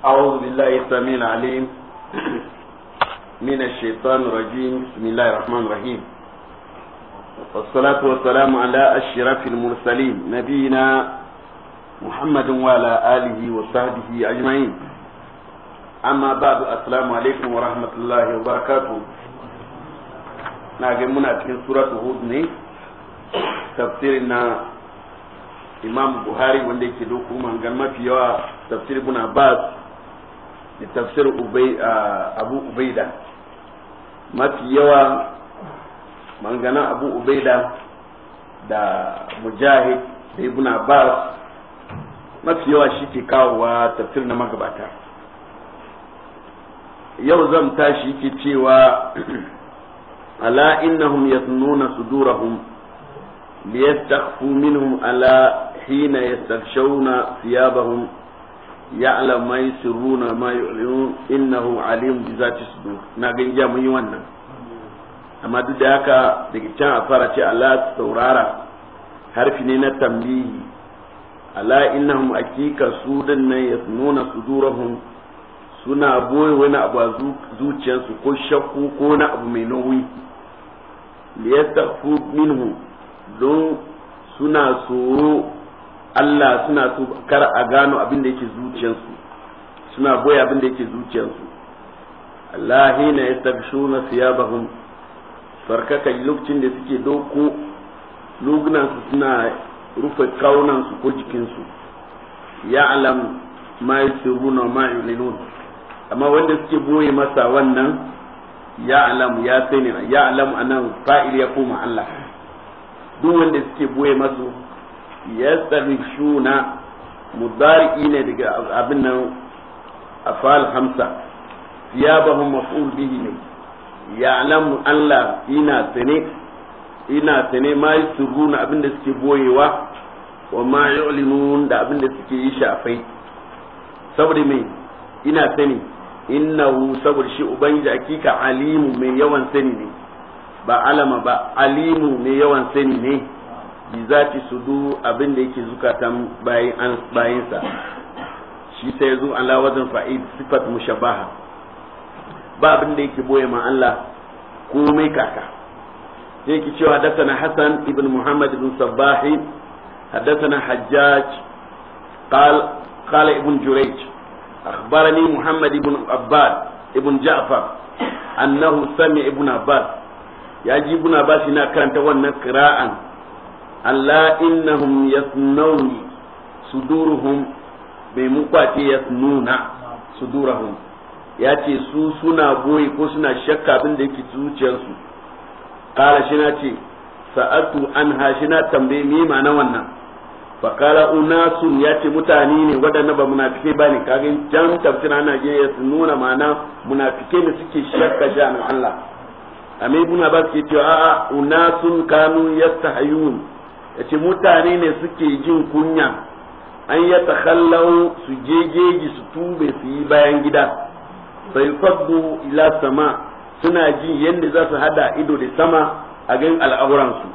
أعوذ بالله السميع العليم من الشيطان الرجيم بسم الله الرحمن الرحيم والصلاة والسلام على أشرف المرسلين نبينا محمد وعلى آله وصحبه أجمعين أما بعد السلام عليكم ورحمة الله وبركاته نعم منا سورة هود تفسيرنا imam buhari wanda yake doku mangan mafi yawa tafsir ibn abbas da tafsir abu ubaida mafi yawa manganan abu ubaida da mujahid da ibn abbas mafi yawa shi ke kawowa tafsir na magabata yau zan tashi ke cewa ala innahum yasnuna sudurahum liyastakhfu minhum ala حين يستفشون ثيابهم يعلم ما يسرون ما يعلنون إنه عليم بذات الصدور ناقن جامعي وانا أما دو داكا دكتان أفارة ألا تورارا حرفين تنبيه ألا إنهم أكيكا سودن يثنون صدورهم سنا boye wani abu a zuciyarsu ko shakku ko wani abu mai nauyi liyastaghfu minhu don suna Allah suna so kar a gano abin da yake zuciyarsu suna boye abin da yake zuciyarsu Allah hina yastabshuna farka farkaka lokacin da suke doko lugunansu suna rufe kaunansu ko jikinsu ya alam ma yusirruna ma yulinun amma wanda suke boye masa wannan ya alam ya sani ya alam anan fa'il ya koma Allah duk wanda suke boye masu yastamishuna mudari ne daga abin nan afal hamsa thiyabahum maf'ul bihi ne ya ya'lamu Allah ina sane ina sane ma yusruna abin da suke boyewa wa ma yu'linun da abin da suke yi shafai saboda mai ina sani innahu saboda shi ubangiji hakika alimu mai yawan sani ne ba alama ba alimu mai yawan sani ne bi zati sudu abin da yake zukatan bayin bayinsa shi sai zo Allah wajen fa'id sifat mushabaha ba abin da yake boye ma Allah komai kaka sai yake cewa hadathana Hassan ibn Muhammad ibn Sabbahi hadathana Hajjaj قال قال ابن جريج muhammad محمد بن عباد ابن جعفر sami سمع ابن عباس يجي ابن عباس هنا كانت وانا قراءة Allah innahum yasnawni suduruhum bai mun kwace yasnuna suduruhum ya ce su suna boye ko suna shakka abin da yake zuciyarsu kala shi na ce sa'atu an ha shi na tambaye me ma'ana wannan fakala unasun ya ce mutane ne wadanda ba munafike ba ne kagin can tafsira ana je ya ma'ana munafike ne suke shakka shi Allah amma ibn Abbas ke cewa a'a unasun kanu yastahayun yace mutane ne suke jin kunya an ya takhallau su jejeji su tube su yi bayan gida sai faddu ila sama suna ji yadda za su hada ido da sama a gan al'auransu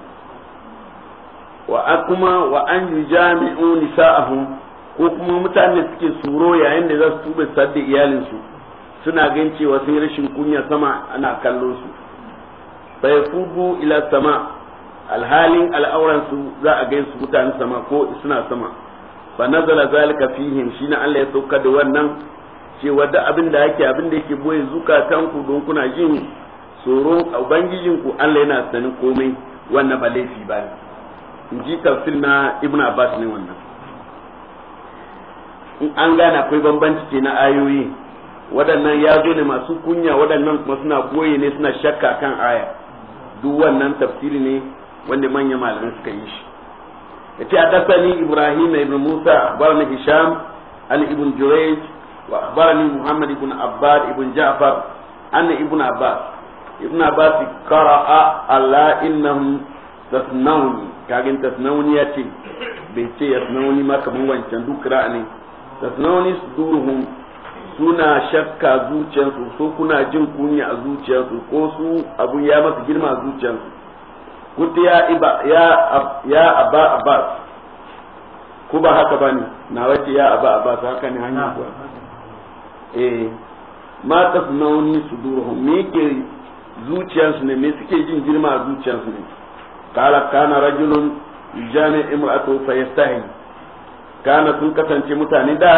wa kuma wa an jami'u nisa'ahum ko kuma mutane suke tsoro yayin da za su tube su da iyalinsu suna gan cewa sai rashin kunya sama ana kallon su sai fudu ila sama alhalin al'auran su za a su mutane sama ko suna sama fa nazala zalika fihim shine Allah ya sauka da wannan cewa da abin da yake abin da yake boye zukatan ku don kuna jin a ubangijin ku Allah yana sanin komai wannan ba laifi ba ne in ji tafsir na Ibn Abbas ne wannan in an gane akwai bambanci ce na ayoyi waɗannan ya zo ne masu kunya waɗannan kuma suna boye ne suna shakka kan aya duk wannan tafsiri ne wanda manyan malamai suka yi shi yace hadathani ibrahim ibn musa akhbarani hisham an ibn jurayj wa akhbarani muhammad ibn abbad ibn ja'far anna ibn abbas ibn abbas qara'a ala innahum tasnauni kagin tasnauni yace bai ce yasnauni ma kaman wancan duk ra'ani tasnauni suduruhum suna shakka zuciyarsu su kuna jin kunya a zuciyarsu ko su abu ya masu girma a zuciyarsu kuti ya iba ya ya abba abbas ku ba haka bane na wace ya abba abbas haka ne hanya ko eh ma tasnauni sudurhum me ke zuciyarsu ne me suke jin girma a zuciyarsu ne kala kana rajulun jami imratu fa yastahi kana sun kasance mutane da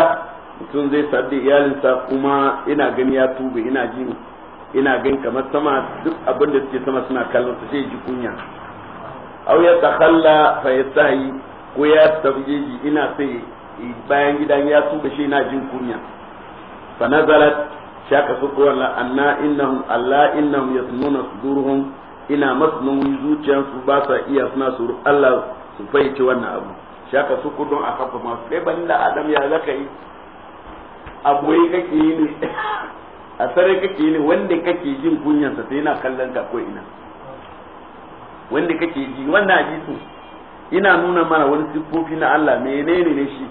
mutum zai sadi iyalinsa kuma ina gani ya tube ina ji ina gani kamar sama duk abin da suke sama suna kallon su sai ji kunya aw ya takhalla fa yastahi ko ya tafi ina sai bayan gidan ya tuba shi na jin kunya fa nazalat shaka sukuwar anna innahum alla innahum yasnuna sudurhum ina masnun zuciyansu ba sa iya suna su Allah su fahimci wannan abu shaka suku don a kafa masu kai ban da adam ya zaka yi abuwai kake yi ne a sarai kake yi ne wanda kake jin kunyansa sai yana kallon ka ko ina wanda kake ji wannan hadisin ina nuna mana wani siffofi na Allah menene ne shi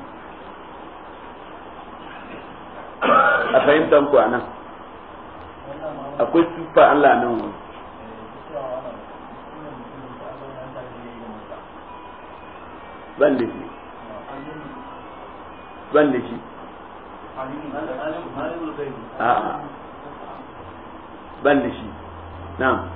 a fahimtar ku anan akwai siffa Allah nan wani ban da shi ban da shi ban da shi na'am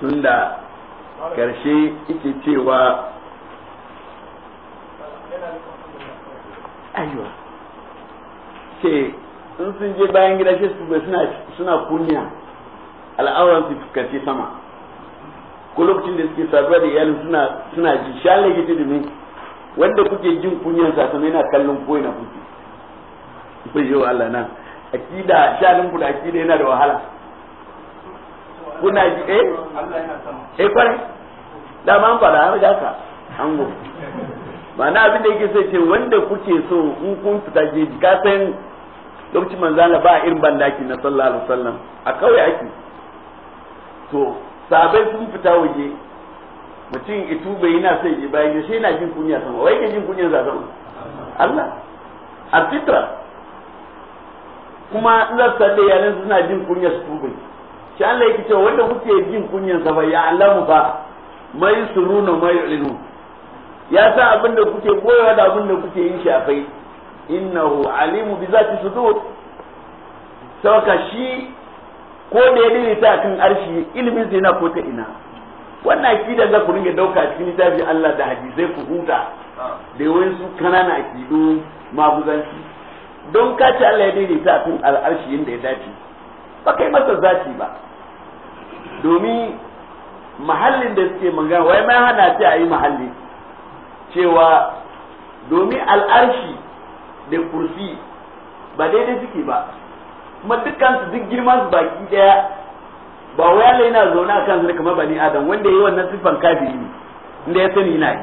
tunda karshe yake cewa aiwa ce sun sun je bayan gida shi suna suna kunya al'auran su fuskanci sama ko lokacin da suke saduwa da iyalin suna suna ji shalle gidi da domin wanda kuke jin kunyan sa sama yana kallon ko yana kuke bai yi wa Allah na akida shalin ku da akida yana da wahala kuna ji eh eh kwarai da ma an fara har ka ango ma'ana abin da yake sai ce wanda kuke so in kun fita jeji ka san lokacin manzana ba irin bandaki na sallallahu alaihi wasallam a kauye ake to sabai sun fita waje mutum bai yana sai je bayan sai na jin kunya sama wai ke jin kunya za sama Allah a fitra kuma in za su suna jin kunya su tubai shi Allah yake cewa wanda kuke jin kunyan sa ya alamu ba mai suruna mai ilinu ya sa abin da kuke koyawa da abin da kuke yin shafai innahu alimu bi zati sudur sauka shi ko da ya daidaita kan arshi ilimin sai na ko ta ina wannan akida za ku ringa dauka cikin littafi Allah da hadisai ku huta da wani su kanana akidu maguzanci don kace Allah ya daidaita kan al'arshi yadda ya dace ba kai masa zaki ba domin mahallin da suke magana wai mai hana ce a yi mahalli cewa domin al'arshi da kursi ba daidai suke ba kuma dukkan su duk girman su baki daya ba wai yana zaune a kan kamar bani adam wanda yi wannan siffan kafiri ne inda ya sani na yi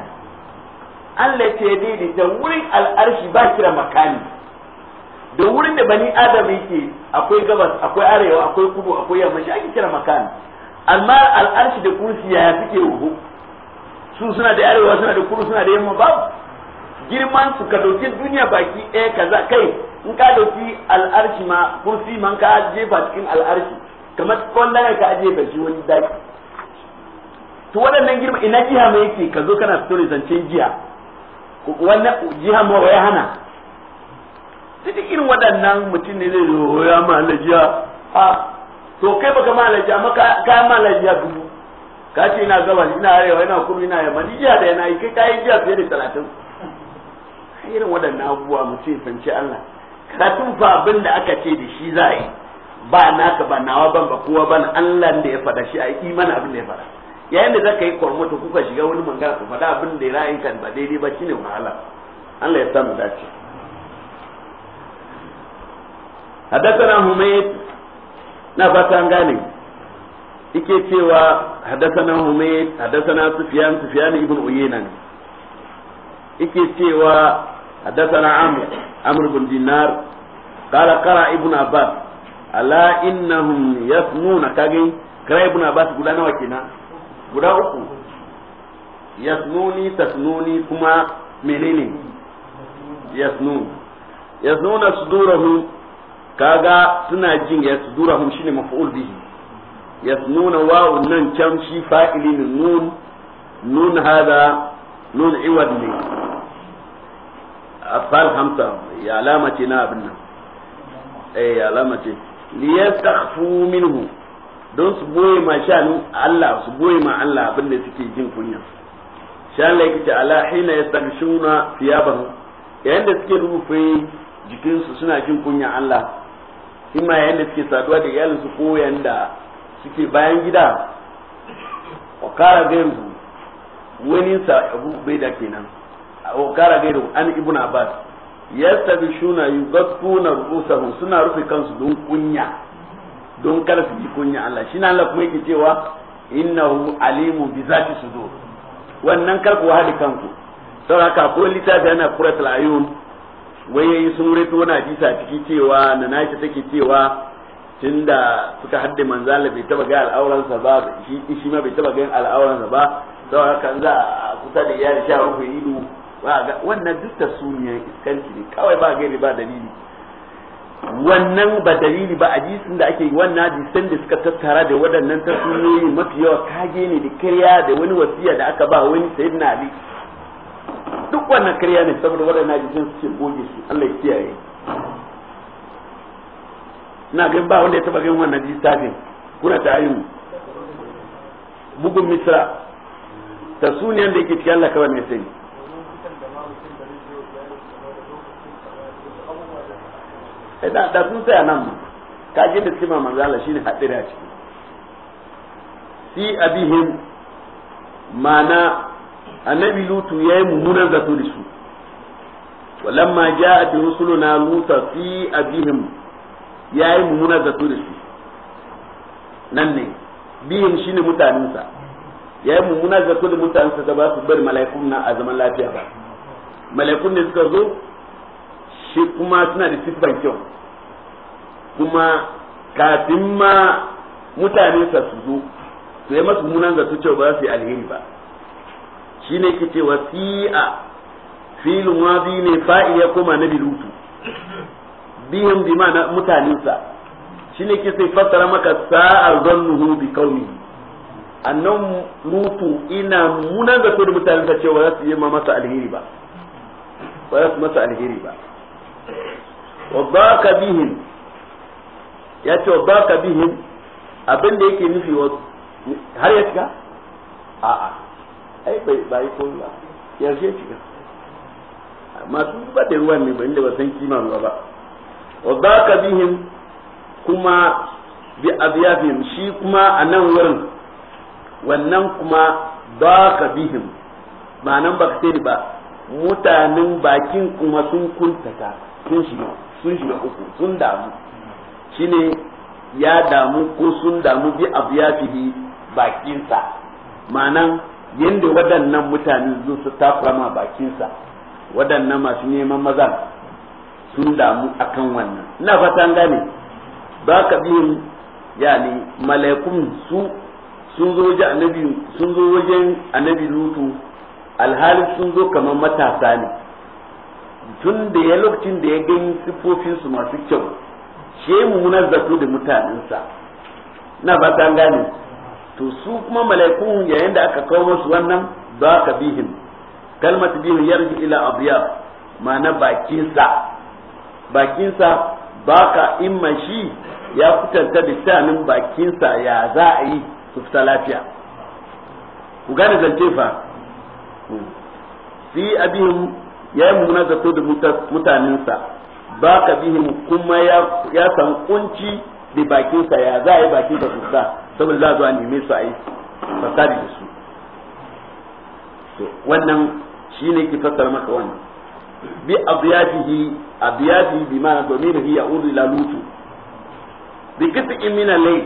Allah ce daidaita wurin al'arshi ba kira makani da wurin da bani adam yake akwai gabas akwai arewa akwai kudu akwai yamma shi ake kira makan amma al'arshi da kursi ya suke rubu su suna da arewa suna da kudu suna da yamma babu girman su ka dauki duniya baki ɗaya kaza kai in ka dauki al'arshi ma kursi man ka jefa cikin al'arshi kamar kwallon ka ajiye ba shi wani daki to waɗannan girma ina jiha mai yake ka zo kana fito da zancen jiya wannan jiha ma waya hana duk irin waɗannan mutum ne zai zo oh, ya malajiya ha to kai baka malajiya maka ka malajiya dubu ka ce ina gabas ina arewa ina kudu ina yamma ni jiya da yana yi kai kayi jiya fiye da talatin irin waɗannan abubuwa mutum fanci Allah karatun fa abin da aka ce da shi za a yi ba naka ba nawa ban ba kowa ban Allah da ya faɗa shi a imani abin da ya faɗa yayin da zaka yi kwarmutu kuka shiga wani mangana ku faɗa abin da ra'ayin kan ba daidai ba shine wahala Allah ya samu dace حدثنا حميد نبات gane ike cewa حدثنا حميد حدثنا سفيان سفيان ابن عيينة ike cewa حدثنا عمرو عمرو بن دينار قال قرأ ابن عباس ألا إنهم يسمون كاجي قرأ ابن عباس قلنا nawa kenan guda uku yasnuni tasnuni kuma menene yasnun yasnuna sudurahum kaga suna jin ya yasdurahum shine maf'ul bihi nuna wawu nan can shi fa'ili ne nun nun hada nun iwad ne afal hamsa ya alama ce na abin nan eh ya alama ce liyastakhfu minhu don su boye ma shanu Allah su boye ma Allah abin da suke jin kunya shan laiki ta ala hina yastakhshuna thiyabahum yayin da suke rufe jikinsu suna jin kunya Allah imma yanda suke saduwa da iyalinsu ko yanda suke bayan gida wa kara gairu wani sa abu bai da kenan wa kara gairu an ibnu abbas shuna yugaskuna ru'usahum suna rufe kansu don kunya don kar su kunya Allah shi na Allah kuma yake cewa innahu alimu bi zati sudur wannan kar ku hadi kanku saboda ko littafi ana kuratul ayun wai yayi yi rito wani hadisi a ciki cewa na nashi take cewa tunda suka hadda manzala bai taba ga al'auransa ba shi shi ma bai taba ga al'auransa ba saboda haka za a kusa da iyali sha rufe ido wannan duk da suniyar iskanci ne kawai ba gani ba dalili wannan ba dalili ba hadisin da ake yi wannan hadisan da suka tattara da waɗannan tasuniyoyi mafi yawa kage ne da kariya da wani wasiya da aka ba wani sayyidina ali duk wannan karya ne saboda na jikin suke goge su Allah ya kiyaye na gan ba wanda ya taba gan wannan lissafin kuna ta ayyun bugun misra ta suniyan da yake cikin Allah kawai ne sai eh, da da sun sai nan ji da cikin manzala shine hadira ciki si abihim mana annabi lutu ya yi mummunan zato da su walamma ja'at rusuluna luta fi abihim ya yi mummunan zato da su nan ne bihim shine mutanensa ya yi mummunan zato da mutanensa da ba su bari mala'ikun na a zaman lafiya ba mala'ikun ne suka zo shi kuma suna da siffan kyau kuma kafin ma mutanensa su zo to ya masu munan zato cewa ba su yi alheri ba ne ke cewa filin wa biyu ne fa'il ya koma na lutu bihim bi na mutanensa ne ke sai fassara maka sa'ar nuhu bi kauni annan lutu ina munan da da mutanensa cewa za su yi ma masa alheri ba ba za su masa alheri ba wa ka bihin ya ce wa baka bihim abin da yake nufi har ya shiga a'a ai bai bai ko ba yanzu ya shiga masu ba da ruwan ne ba inda ba san kima ruwa ba wa baka bihim kuma bi abyafihim shi kuma a nan wurin wannan kuma baka bihim ba nan baka sai ba mutanen bakin kuma sun kuntata sun shiga sun shiga uku sun damu shine ya damu ko sun damu bi abyatihi bakinsa ma'anan yadda waɗannan mutane zo su takura bakinsa waɗannan masu neman mazan sun damu akan wannan ina fatan gane ba ka biyun yani malaikun su sun zo wajen annabi sun zo wajen annabi lutu alhali sun zo kamar matasa ne tun da ya lokacin da ya gani sifofinsu su masu kyau shemu zato da mutanensa na fatan gane to su kuma mala'iku yayin da aka kawo musu wannan ba ka bihim kalmat bihim yarji ila abiya ma'ana bakinsa bakinsa ba ka imma shi ya kutanta da shanin bakinsa ya za a yi su fita lafiya ku gane zance fa hmm. fi abihim ya yi mummuna zato da mutanensa ba ka bihim kuma ya san kunci da bakinsa ya za a yi bakinsa su fita saboda za zuwa neme su a yi fasadi da su to wannan shi ne ke fassara maka wannan bi abiyadihi abiyatihi bi ma'ana domin ya uri la lutu bi kiti in mina lai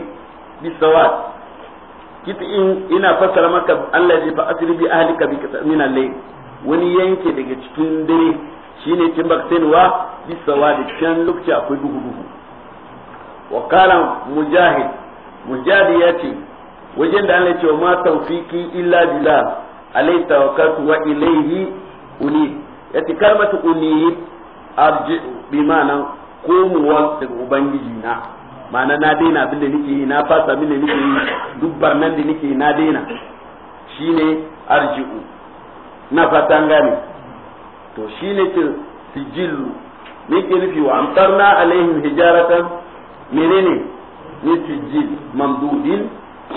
bi sawat in ina fassara maka Allah ya fa asiri bi ahlika bi kit'in mina lai wani yanke daga cikin dare shi ne kin baktenwa bi sawat kan lokaci akwai duhu duhu wa qala mujahid mujahid ya ce wajen da Allah ya ce wa ma tawfiqi illa billah alai tawakkaltu wa ilayhi uni yace kalmatu uni arji bi ma'ana komowa daga ubangiji na ma'ana na daina abin da nake yi na fasa abin da nake yi duk barnan da nake na daina shine arji'u na fatan gane to shine ke sijillu nake nufi wa amtarna alaihim hijaratan menene ne sijil mamdudin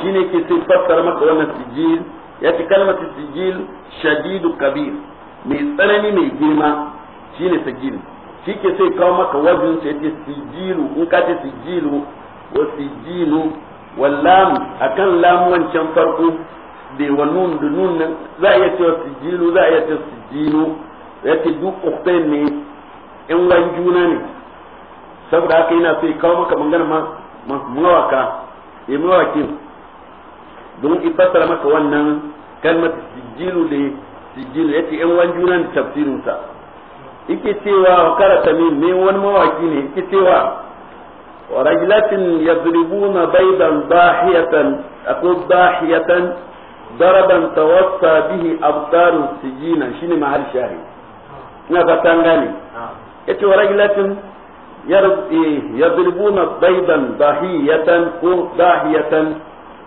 shine ke sai fassara maka wannan sijil ya ce kalmar sijil shadidu kabir mai tsanani mai girma shine sijil shi ke sai kawo maka wajen sai ce sijilu in ka ce sijilu wa sijilu wallam akan lamu wancan farko da wa nun da nun nan za a iya cewa sijilu za a iya cewa sijilu ya ce duk uktain ne in wani juna ne saboda haka yana sai kawo maka magana ma mawaka ya mawaki don ibatar maka wannan kalmar sijilu da sijilu yake yan wan juna da tafsirin sa yake cewa wa karata min me wani mawaki ne yake cewa wa rajulatin yadribuna baydan dahiyatan akwai dahiyatan daraban tawassa bihi abdaru sijinan shine mahal shari ina fatan gane yace wa rajulatin yadribuna baidan dahiyatan ko dahiyatan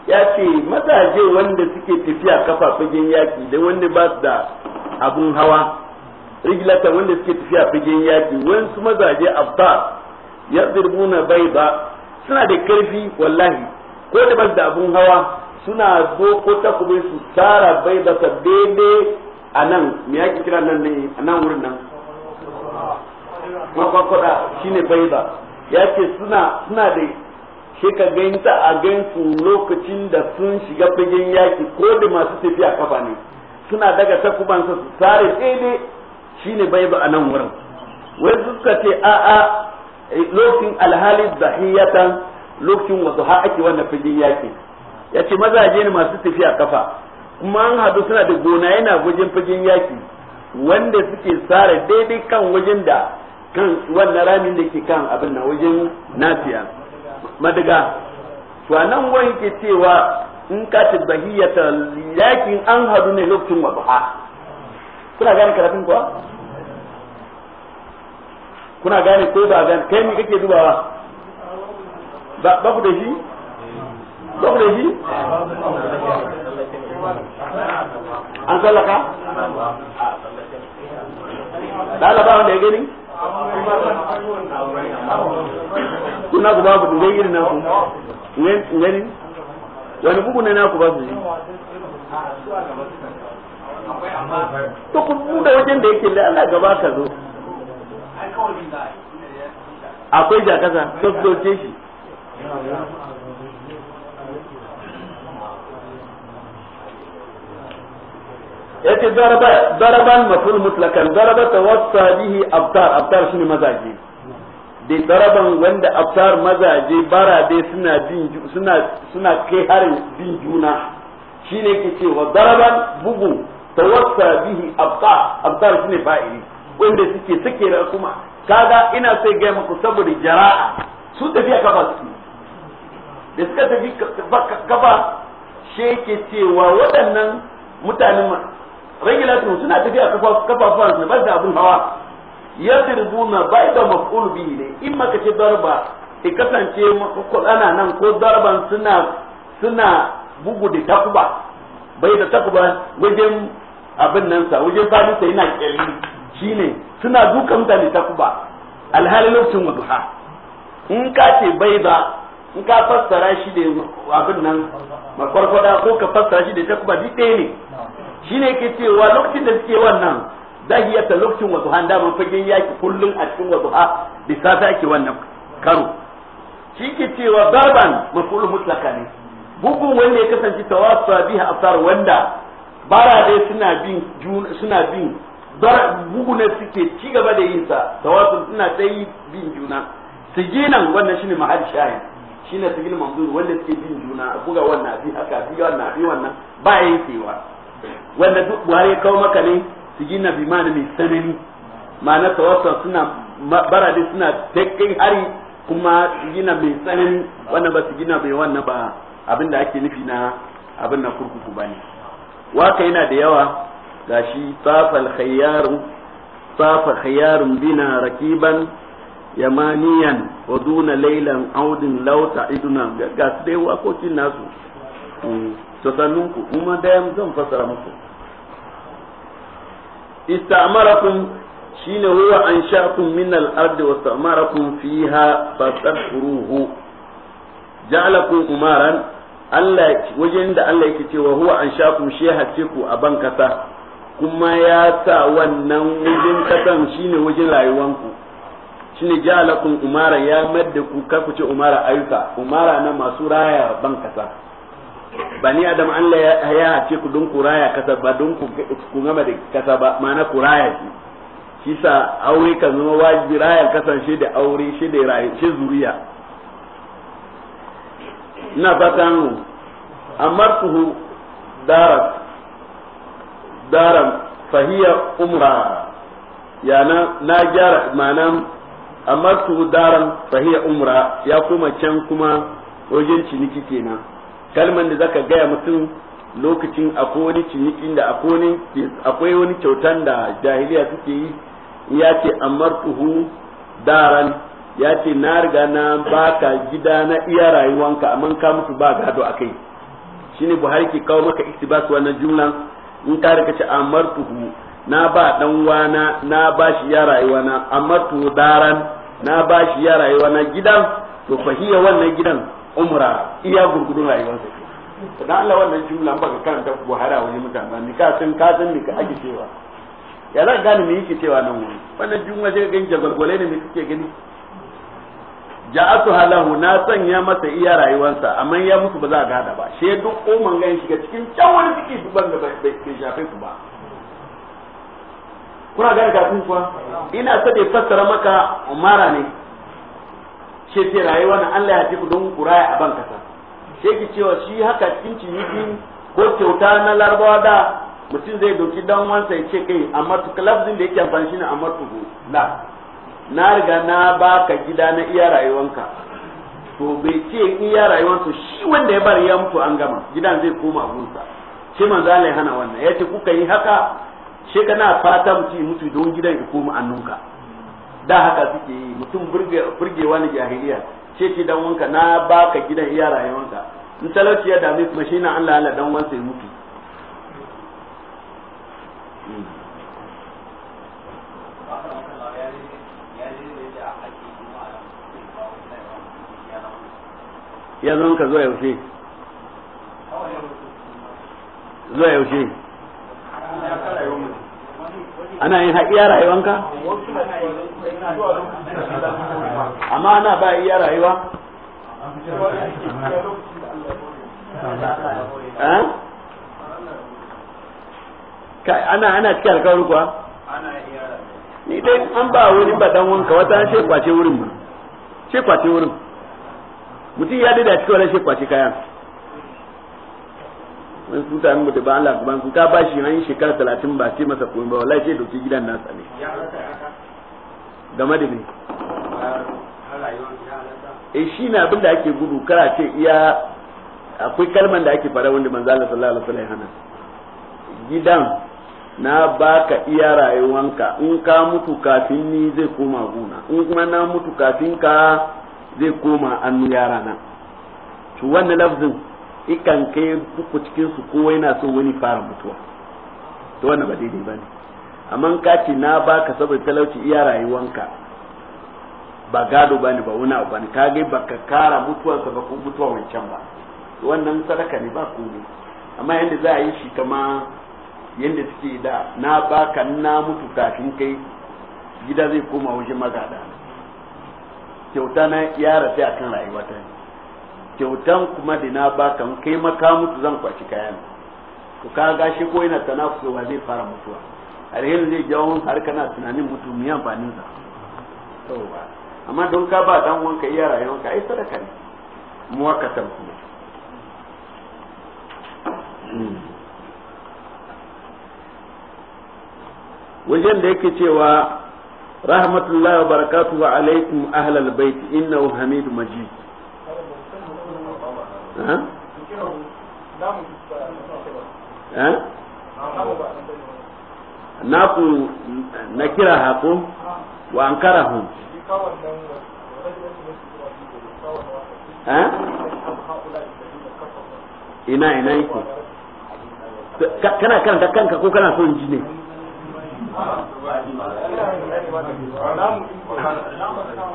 ya ce mazaje wanda suke tafiya kafa fagen yaki da wanda ba da abun hawa rigilata wanda suke tafiya fagen yaki wasu mazaje abba yadribuna baida suna da karfi wallahi ko da ba da abun hawa suna zo ko takubin su tara baida ta daidai a nan me yake kira nan ne a nan wurin nan makwakwada shine baiba ya ce suna suna da shi ka ganta a gansu lokacin da sun shiga fagen yaki ko da masu tafiya kafa ne suna daga takubansa su sare daidai ne baiba a nan wurin wai suka ce a a lokacin alhali zahiyatan lokacin wasu ha ake wannan fagen yaki ya ce mazaje ne masu tafiya kafa kuma an hadu suna da gona yana wajen fagen yaki wanda suke sare daidai kan wajen da kan wannan ramin da ke kan abin na wajen nafiya madiga to nan wani ke cewa in ka tabbahiyata lakin an hadu ne lokacin duha kuna gane karatun kuwa kuna gane ko ba gane kai ne kake dubawa ba ba ku da shi ba ku da shi an sallaka ɗalaba wanda ya gani kuna ku babu dubai irin naku ngani wani bugu ne naku ba su ji to ku buɗe wajen da yake da Allah gaba ka zo akwai jakasa to su shi yake daraba daraban maful mutlakan daraba tawassa bihi abtar abtar shine mazaje da daraban wanda abtar mazaje barade suna bin suna suna kai harin bin juna shine yake cewa daraban bugu tawassa bihi abtar abtar shine fa'ili wanda suke suke da kuma kaga ina sai ga muku saboda jara'a su tafiya kafa su da suka tafi kafa shi yake cewa waɗannan mutanen ragilatun suna tafiya kafafuwan su bar da abun hawa yadribuna da maf'ul bihi ne in maka ce darba ki kasance kudana nan ko darban suna suna bugu da takuba bai da takuba wajen abin nan sa wajen fadi sai yana kyalli shine suna dukan ni takuba alhali lokacin wadduha in ka ce bai da in ka fassara shi da abin nan makwarkwada ko ka fassara shi da takuba duk ɗaya ne shine yake cewa lokacin da suke wannan ta lokacin wasu handa mun fagen yaki kullun a cikin wasu ha da safe ake wannan karo shi ke cewa baban mafi mutlaka ne bugun wanda ya kasance tawassa biha asar wanda bara dai suna bin suna bin bugu ne suke ci gaba da yin sa wasu suna tsayi bin juna siginan wannan shine mahal shayin shine sigil mamdur wanda suke bin juna buga wannan bi haka bi wannan bi wannan ba yayin cewa wanda duk buhari ya kawo maka ne su ji bi mana mai sanani ma'ana tawassa suna barade suna kai hari kuma su gina mai tsanani wannan ba su gina mai wannan ba abin da ake nufi na abin na kurkuku ba ne waka yana da yawa gashi safal khayyarun safa khayyarun bina rakiban yamaniyan wa duna laylan audin lauta iduna ga su dai wakokin nasu mm. ta sannunku kuma dayan zan fassara muku istamarakum shine huwa ansha'akum min al ard wa istamarakum fiha fastadkuruhu ja'alakum umaran Allah wajen da Allah yake cewa huwa ansha'akum shi ku a ban kasa kuma ya sa wannan wajen kasan shine wajen rayuwanku shine ja'alakum umara ya madda ku kaku ce umara ayyuka umara na masu raya ban kasa ba ni adam Allah ya ce ku dun kuraya kasa ba dun ku ku gama da kasa ba ma'ana kuraya shi shi sa aure kan zama wajibi raya kasan shi da aure shi da rayu shi zuriya ina fatan amartuhu darat daram fahiya umra ya na na gyara ma'ana amartuhu daram fahiya umra ya kuma can kuma wajen ciniki kenan kalman da zaka gaya mutum lokacin akwai wani cinikin da akwai wani kyautan da jahiliya suke yi ya ce amartuhu daran ya ce na riga na baka gida na iya rayuwanka amma ka mutu ba gado a shi shine buhari ke kawo maka iktibas wannan jumlan in ka riga ce amartuhu na ba dan wana na ba shi ya rayuwa na amartuhu daran na ba shi ya rayuwa na gidan to fahiya wannan gidan umra iya gurgudun rayuwarsa to dan Allah wannan jumla ba ka karanta hara wani mutane ba ni ka san ka san ni ka ake cewa ya za gane me yake cewa nan wani wannan jumla sai ka gani jagwalgwale ne me kake gani ja'atu halahu na sanya masa iya rayuwarsa amma ya mutu ba za a gada ba she duk koman gan shiga cikin can wani ciki ban da bai shafe su ba kuna gane kafin kuwa ina sade fassara maka umara ne ke ce rayuwa na Allah ya ku don kuraya a ban kasa sai ki cewa shi haka cikin ciniki ko kyauta na larabawa da mutum zai doki dan wansa ya ce kai amma tu kalabzin da yake amfani ne amma tu la na riga na baka gida na iya rayuwanka to bai ce iya rayuwan to shi wanda ya bari ya mutu an gama gidan zai koma gunsa shi manzo Allah ya hana wannan yace kuka yi haka shi kana fata mutu mutu don gidan ya koma annunka da haka suke yi mutum burgewa na jahiliya ce ki dan wanka na baka gidan iya rayuwanka in talauci ya dame kuma shi na Allah Allah dan wansa ya mutu ya zama ka zuwa yaushe zuwa yaushe ana yin haƙiya rayuwanka amma ana ba iya rayuwa eh? ana ana cikin alkawari kuwa ni dai an ba wani ba dan wanka wata shi kwace wurin ma shi kwace wurin mutum ya dada cikin wani shi kwace kayan wani mutane mu da ba Allah ban su ka bashi ran shekara 30 ba ce masa komai ba wallahi sai doki gidan nasa ne game da me e shi na abin da ake gudu kara ce iya akwai kalman da ake fara wanda manzo Allah sallallahu alaihi hana gidan na baka iya rayuwanka in ka mutu kafin ni zai koma guna in kuma na mutu kafin ka zai koma annu yara na to wannan lafzin ikan kai uku cikin su kowa yana so wani fara mutuwa to wannan ba daidai ne. amma ka ce na baka saboda talauci iya rayuwanka ba gado bane ba wani abu bane kage baka kara mutuwar ka ba ku mutuwa wancan ba wannan sadaka ne ba ne amma yanda za a yi shi kama yanda suke da na baka na mutu kafin kai gida zai koma wajen magada kyauta na ya rafi akan rayuwata kyautan kuma da na baka kai maka mutu zan kwaci kayan ku kaga shi ko yana tanafuwa zai fara mutuwa alherin zai jawo har kana tunanin mutum ya amfanin sa amma don ka ba dan wanka iya ka ai sadaka ne muwakkatan kuma hmm. wajen da yake cewa rahmatullahi wa barakatuhu alaikum ahlal bait innahu hamid majid ha? naku na kira hako wa an kara ina ina yake kana karanta kanka ko kana son ji ne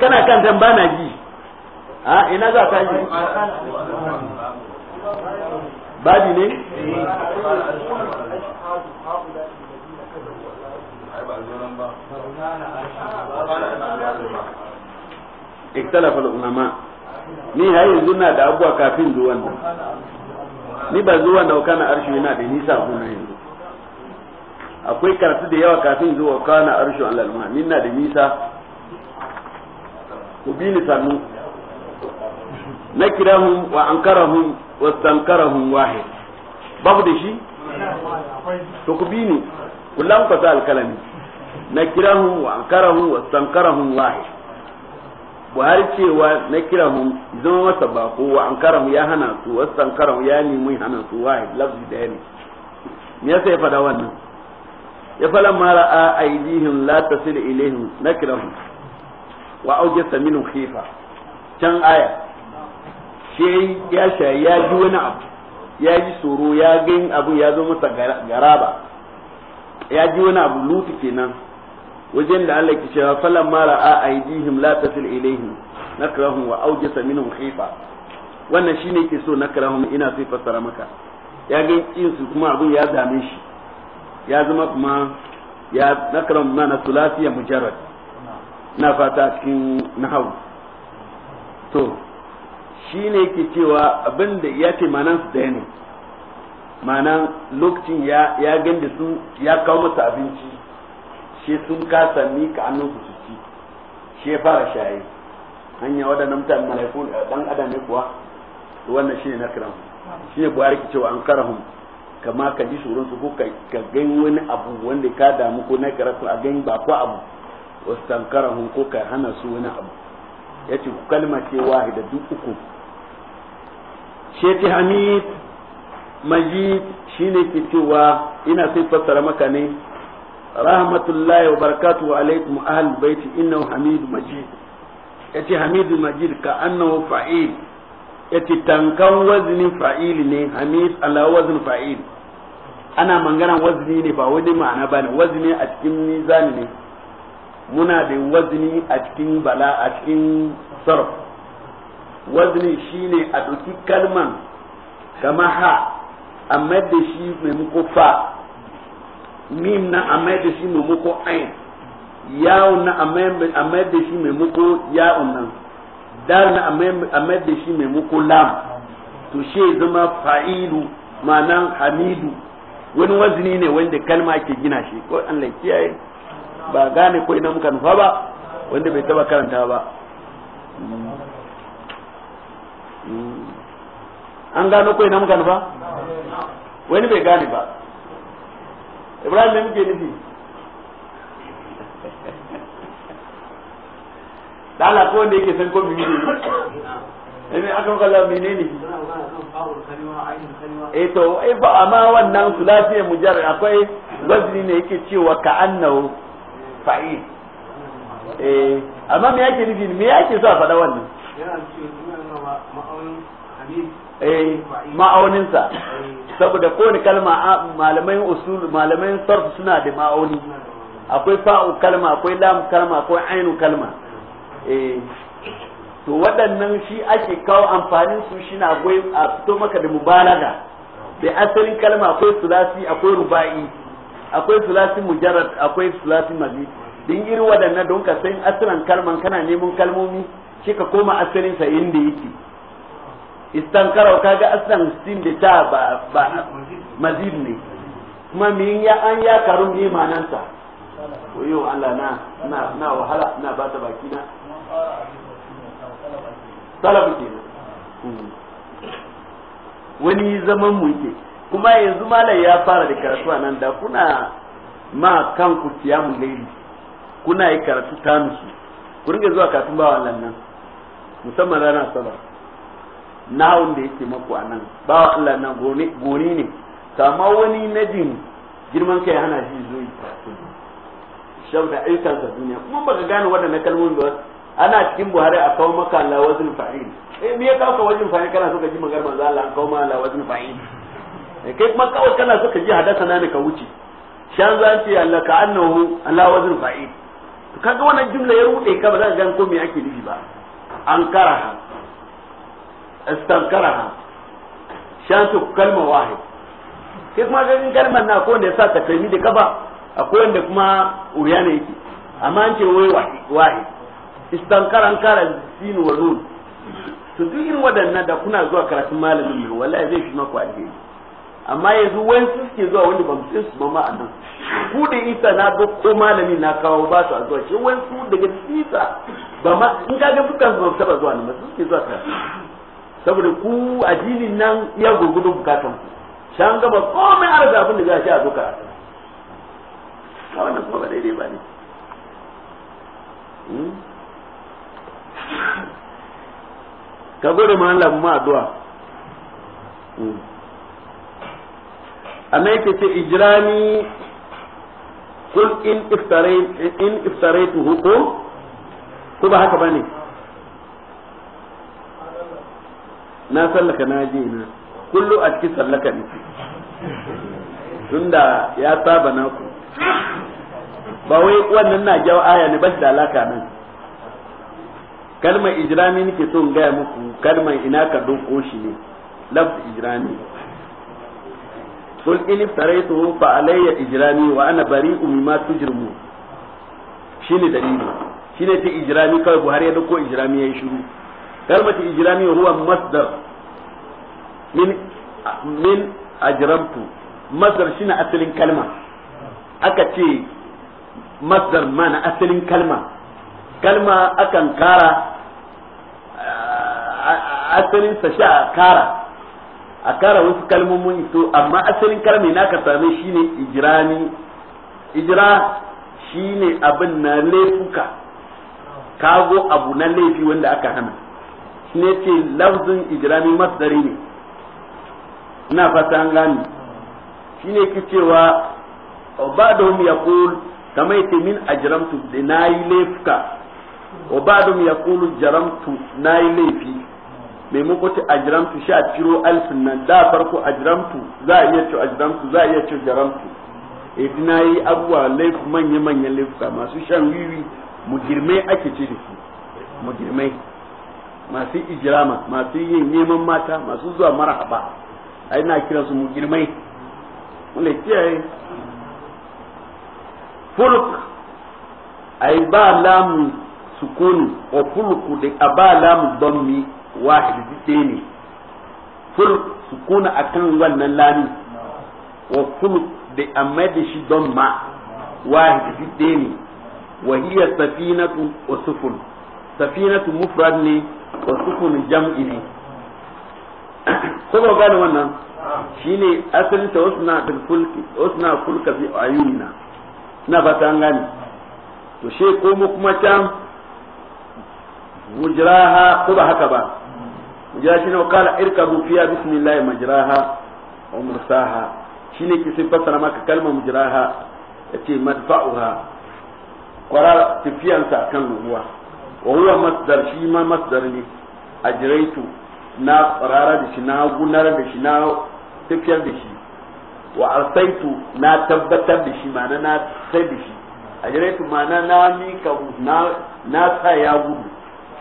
kana kan dan na ji a ina za ka ji badi ne اختلف العلماء ni har yanzu na da abuwa kafin zuwan nan ni ba zuwan da kana arshu yana da nisa kuna yanzu akwai karatu da yawa kafin zuwa kana arshu Allah alma ni na da nisa ku bi ni sannu na kirahum wa ankarahum wa stankarahum wahid babu da shi to ku bi ni ku lankwasa alkalami na kirahun wa ankarahun wa sankarahun wahid buhari cewa na kirahun zama masa bako wa ankarahun ya hana su wa sankarahun ya nemi hana su wahid lafzi da ne me yasa ya fada wannan ya fala mara a aidihim la tasil ilaihim nakirahum wa aujasa Saminu khifa can aya shi ya shayi ya ji wani abu ya ji tsoro ya gan abu ya zo masa garaba ya ji wani abu lutu kenan wajen da Allah ke cewa falan mara a aidihim la tasil ilaihim nakrahum wa awjasa minhum khifa wannan shine ke so nakrahum ina sai fassara maka ya ga su kuma abun ya dame shi ya zama kuma ya nakrahum mana sulasiya mujarrad na fata cikin nahaw to shine ke cewa abin da ya ce manan su da ne ma'ana lokacin ya ya ganda su ya kawo musu abinci shi sun kasa ka hannunsu su ci shi ya fara shaye hanya waɗannan mutane malaikun dan eh, adam ne kuwa wannan shine na kiran shi ne buhari ke cewa an karahum kama ka ji tsoron su ko ka gan wani abu wanda ka damu ko na karatu a gan ba ko abu wasu tankarahum ko ka hana su wani abu ya ce kalma ce wahida duk uku Sheikh Hamid majid shine ke cewa ina sai fassara maka ne rahmatullahi wa barakatuhu alaikum ahlul baiti innahu hamidu majid yace hamidu majid ka annahu fa'il yace tankan waznin fa'il ne hamid ala wazn fa'il ana magana wazni ne ba wani ma'ana ba ne wazni a cikin ne muna da wazni a cikin bala a cikin sarf wazni shine a ɗauki kalman kama ha amma da shi maimako fa mim na amma da shi maimako ain yawon na amma da shi maimako yawon nan dal na amma da shi maimako lam to she zama fa'ilu ma'anan hamidu wani wazini ne wanda kalma ke gina shi ko an kiyaye ba gane ko ina muka nufa ba wanda bai taba karanta ba hmm. Hmm. an gano ko ina muka nufa wani bai gane ba ibrahim ne muke nufi da ala ko wanda yake san ko mimi ne ne aka kalla ne eh to ai ba amma wannan su sulasi mujarrad akwai wazni ne yake cewa ka annahu fa'i eh amma me yake nufi me yake so a faɗa wannan yana cewa ma'aunin hadisi Eh, ma'auninsa saboda kowane kalma malamai usul malamai sarf suna da ma'auni akwai fa'u kalma akwai lam kalma akwai ainu kalma eh to waɗannan shi ake kawo amfanin su shi na goyi a fito maka da mubalaga da asalin kalma akwai sulasi akwai ruba'i akwai sulasi mujarrad akwai sulasi mazid din irin waɗannan don ka san asalin kalman kana neman kalmomi shi ka koma asalin sa inda yake ka kaga asan sin da ta ba ba mazid ne kuma min ya an ya karu mi mananta koyo Allah na na na wahala na ba ta baki na talabu ke hmm. wani zaman mu yake kuma yanzu malai ya fara da karatu nan da kuna ma kanku siyamu laili kuna yi karatu tanusu ku ringa zuwa kafin bawa nan musamman rana sabar nahawun da yake maku a nan ba Allah na goni ne kama wani jin girman kai hana shi zo yi da aikar da duniya kuma baka gane waɗannan kalmomi ba ana cikin buhari a kawo maka lawazin fa'in eh me ya kawo ka wajin fa'in kana so ka ji magana manzo Allah an kawo ma lawazin fa'in eh kai kuma kawai kana so ka ji hadasa na ne ka wuce shan zan ce Allah ka annahu ala wazin fa'il to kaga wannan jumla ya rude ka ba za ka gane ko me ake nufi ba an istankaraha shansu kalma wahid kai kuma ga kalmar na ko wanda sa takalmi da kaba akwai wanda kuma uriya ne yake amma an ce wai wahid istankaran kara sin wa nun to duk irin da kuna zuwa karatun malamin mai wallahi zai fi maku alheri amma yanzu wani suke zuwa wanda ba mama a nan ku da isa na dokko na kawo ba a zuwa shi wani daga isa ba ma in ga ga fukan su ba su zuwa nan ba su suke zuwa karatu saboda ku addinin nan iya gurgudun bukatan ku shan gaba komai arza abin da za shi a zo karatu ka wannan kuma ba daidai ba ne hmm? ka gode ma Allah ma addu'a amma yake ce ijrami kul in iftaraytu in ko ba haka bane na sallaka na je na kullu a cikin sallaka ne tunda ya saba na ku ba wai wannan na jawo aya ne ba da alaka nan kalmar ijrami nake so in gaya muku kalmar ina ka doko shi ne lafz ijrami kul in iftaraitu fa alayya ijrami wa ana bari'u shi ne shine shi ne ta ijrami kawai buhari ya doko ya yi shiru kalmatu ijrami huwa masdar min min ajramtu masdar shine asalin kalma aka ce masdar mana asalin kalma kalma akan kara asalin sa sha kara a kara wasu kalmomin to amma asalin kalmi na ka same shi ne ijirani ijira shi ne abin na laifuka kago abu na lefi wanda aka hana ne ce lafzin ijrami masdari ne na fata an gani ne ki cewa ba ba'dhum yaqul kama yake min ajramtu da na yi laifuka wa ba'dhum yaqulu jaramtu yi laifi mai muku ta ajramtu sha ciro alfin nan da farko ajramtu za a iya ce ajramtu za a iya ce jaramtu eh, na yi abuwa laifu manya manyan laifuka masu shan wiwi mujirmai ake ce da su mujirmai masu ijirama masu yin neman mata masu zuwa marhaba a ina kira su mugirmai wanda kiyaye fuluk ai ba lamu sukuni wa fulku da ba lamu mi wahid dide ne fulk a akan wannan lami wa fulk da a da shi don ma wahid dide ne wa hiya safinatu wa sufun safinatu mufrad ne wa sukun jam'i ne saboda gane wannan shine asalin ta usna bil fulki usna fulka bi ayunina na ba ta gane to she ko mu kuma can mujraha ko ba haka ba mujra shine wa qala irkabu fiya bismillah majraha wa mursaha shine ki sai fassara maka kalmar mujraha yace madfa'uha kwarar tafiyansa kan ruwa wa huwa masdar shi ma masdar ne ajraitu na tsarara da shi na gunar da shi na tafiyar da shi wa arsaitu na tabbatar da shi ma'ana na sai da shi ajraitu ma'ana na mika na na sa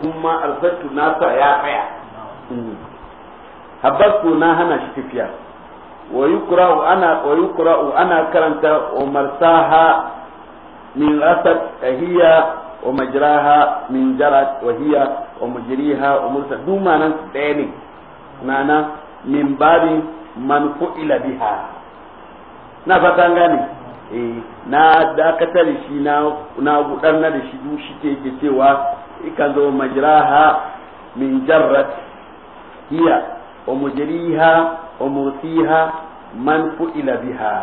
kuma arsaitu na tsaya habbatku na hana shi tafiya wa yuqra'u ana wa ana karanta umarsaha min asad hiya ومجراها من جرت wa ومجريها ومرسل دو معنى ديني معنى من باب man فعل biha na fata gane eh na dakatar da shi na na na da shi du shi ke ke cewa ikan zo majraha min jarat hiya wa mujriha wa mutiha man fu'ila biha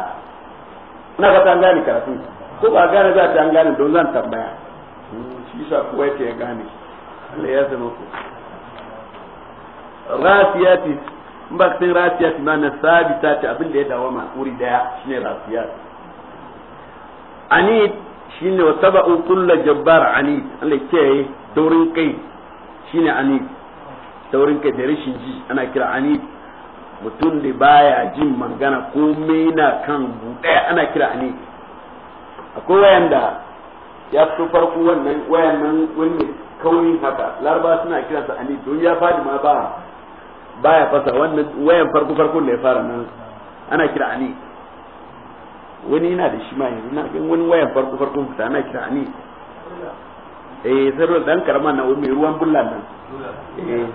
na fata gane karatu ko ba gane za ta gane don zan tambaya shi sa kowa yake ya gane Allah ya zama ku rasiyati in ba san rasiyati ma na sabita ta abin da ya ma wuri daya shine rasiyat anid shine wa sabu kullu jabbar anid Allah ke taurin kai shine anid taurin kai da rashin ji ana kira anid mutum da baya jin magana ko na kan buɗe ana kira anid akwai wayanda ya fito farko wannan wayan nan wani kauri haka laraba suna sa ani don ya fadi ma ba baya fasa wannan wayan farko farko ne ya fara nan ana kira ani wani yana da shi ma yanzu na kan wani wayan farko farko fita ana kira ani eh sai dan karama na wani ruwan bullan nan eh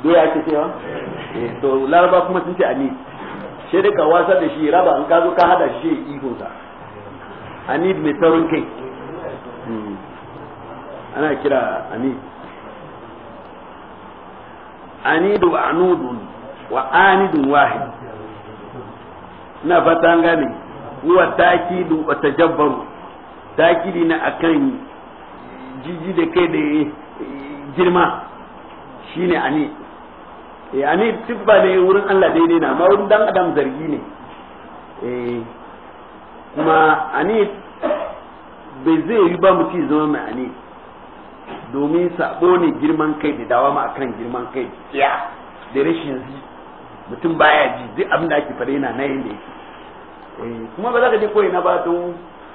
doya ake cewa eh to laraba kuma sun ce ani sai dai ka wasa da shi raba an ka zo ka hada shi ihonsa anid mai saurin kai Hmm. ana kira anid anidu wa anudun wa anidun wahid na fata an gane huwa takidu wa tajabbaru takidi na akan jiji da kai da girma shine anid eh anid tibba ne wurin Allah daidai na amma wurin dan adam zargi ne eh kuma anid bai zai yi ba mutum zama mai domin sabo ne girman kai da dawa ma akan girman kai ya da rashin zi mutum baya ji duk abin da ake fara yana nan da yake eh, kuma ba za ka je koyi na ba don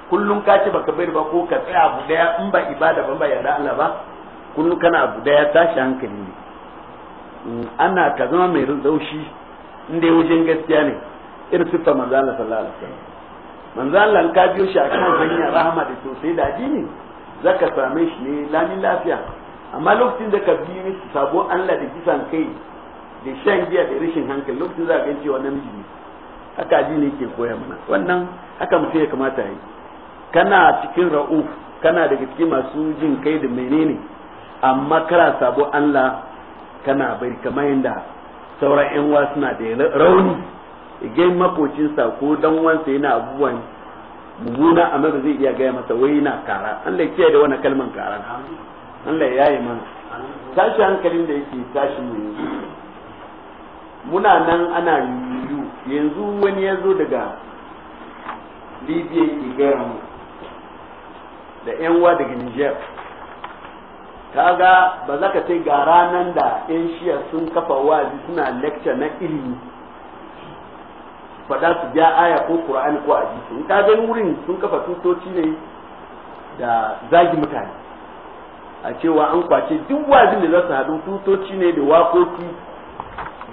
kullum ka ce baka bayar ba ko ka tsaya abu daya in ba ibada ba ba yarda Allah ba kullum kana abu daya tashi hankali ne mm, ana ka zama mai laushi inda ya wajen gaskiya ne irin siffar manzo Allah sallallahu alaihi wasallam manzo Allah ka biyo shi akan hanya rahama da sosai da addini zaka same shi ne lamin lafiya amma lokacin da ka bi ne sabon Allah da kisan kai da shan giya da rashin hankali lokacin za ka wa namiji ne haka dini yake koya mana wannan haka mutum ya kamata yi kana cikin ra'uf kana daga cikin masu jin kai da menene amma kara sabo Allah kana bari kamar yadda sauran 'yan suna da rauni igin makocinsa ko dan wansa yana abubuwan mummuna amma ba zai iya gaya masa wai yana kara Allah ya kiyaye da wannan kalmar kara Allah ya yi mana tashi hankalin da yake tashi ne yanzu muna nan ana yiwu yanzu wani ya zo daga libya ki gaya mu da yan wa daga niger kaga ba za ka ce ga ranar da yan shiya sun kafa wazi suna lecture na ilimi fada su ja aya ko qur'ani ko hadisi in ka gani wurin sun kafa tutoci ne da zagi mutane a cewa an kwace duk wajin da za su haɗu tutoci ne da wakoki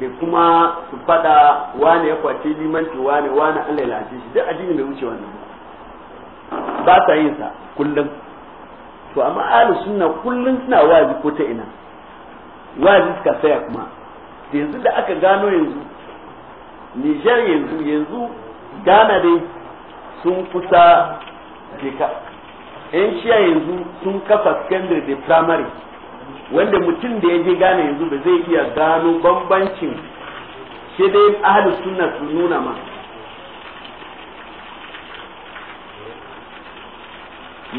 da kuma su fada wane ya kwace limanci wane wane an lalace shi duk addinin da wuce wannan ba sa yin sa kullum to amma ahli sunna kullum suna wazi ko ta ina wazi suka saya kuma da yanzu da aka gano yanzu Nijar yanzu yanzu Ghana dai sun kusa jika. ‘Yan shiya yanzu sun kafa secondary da primary wanda mutum da ya je Ghana yanzu ba zai iya gano bambancin shi dai ahalu sunna su nuna ma.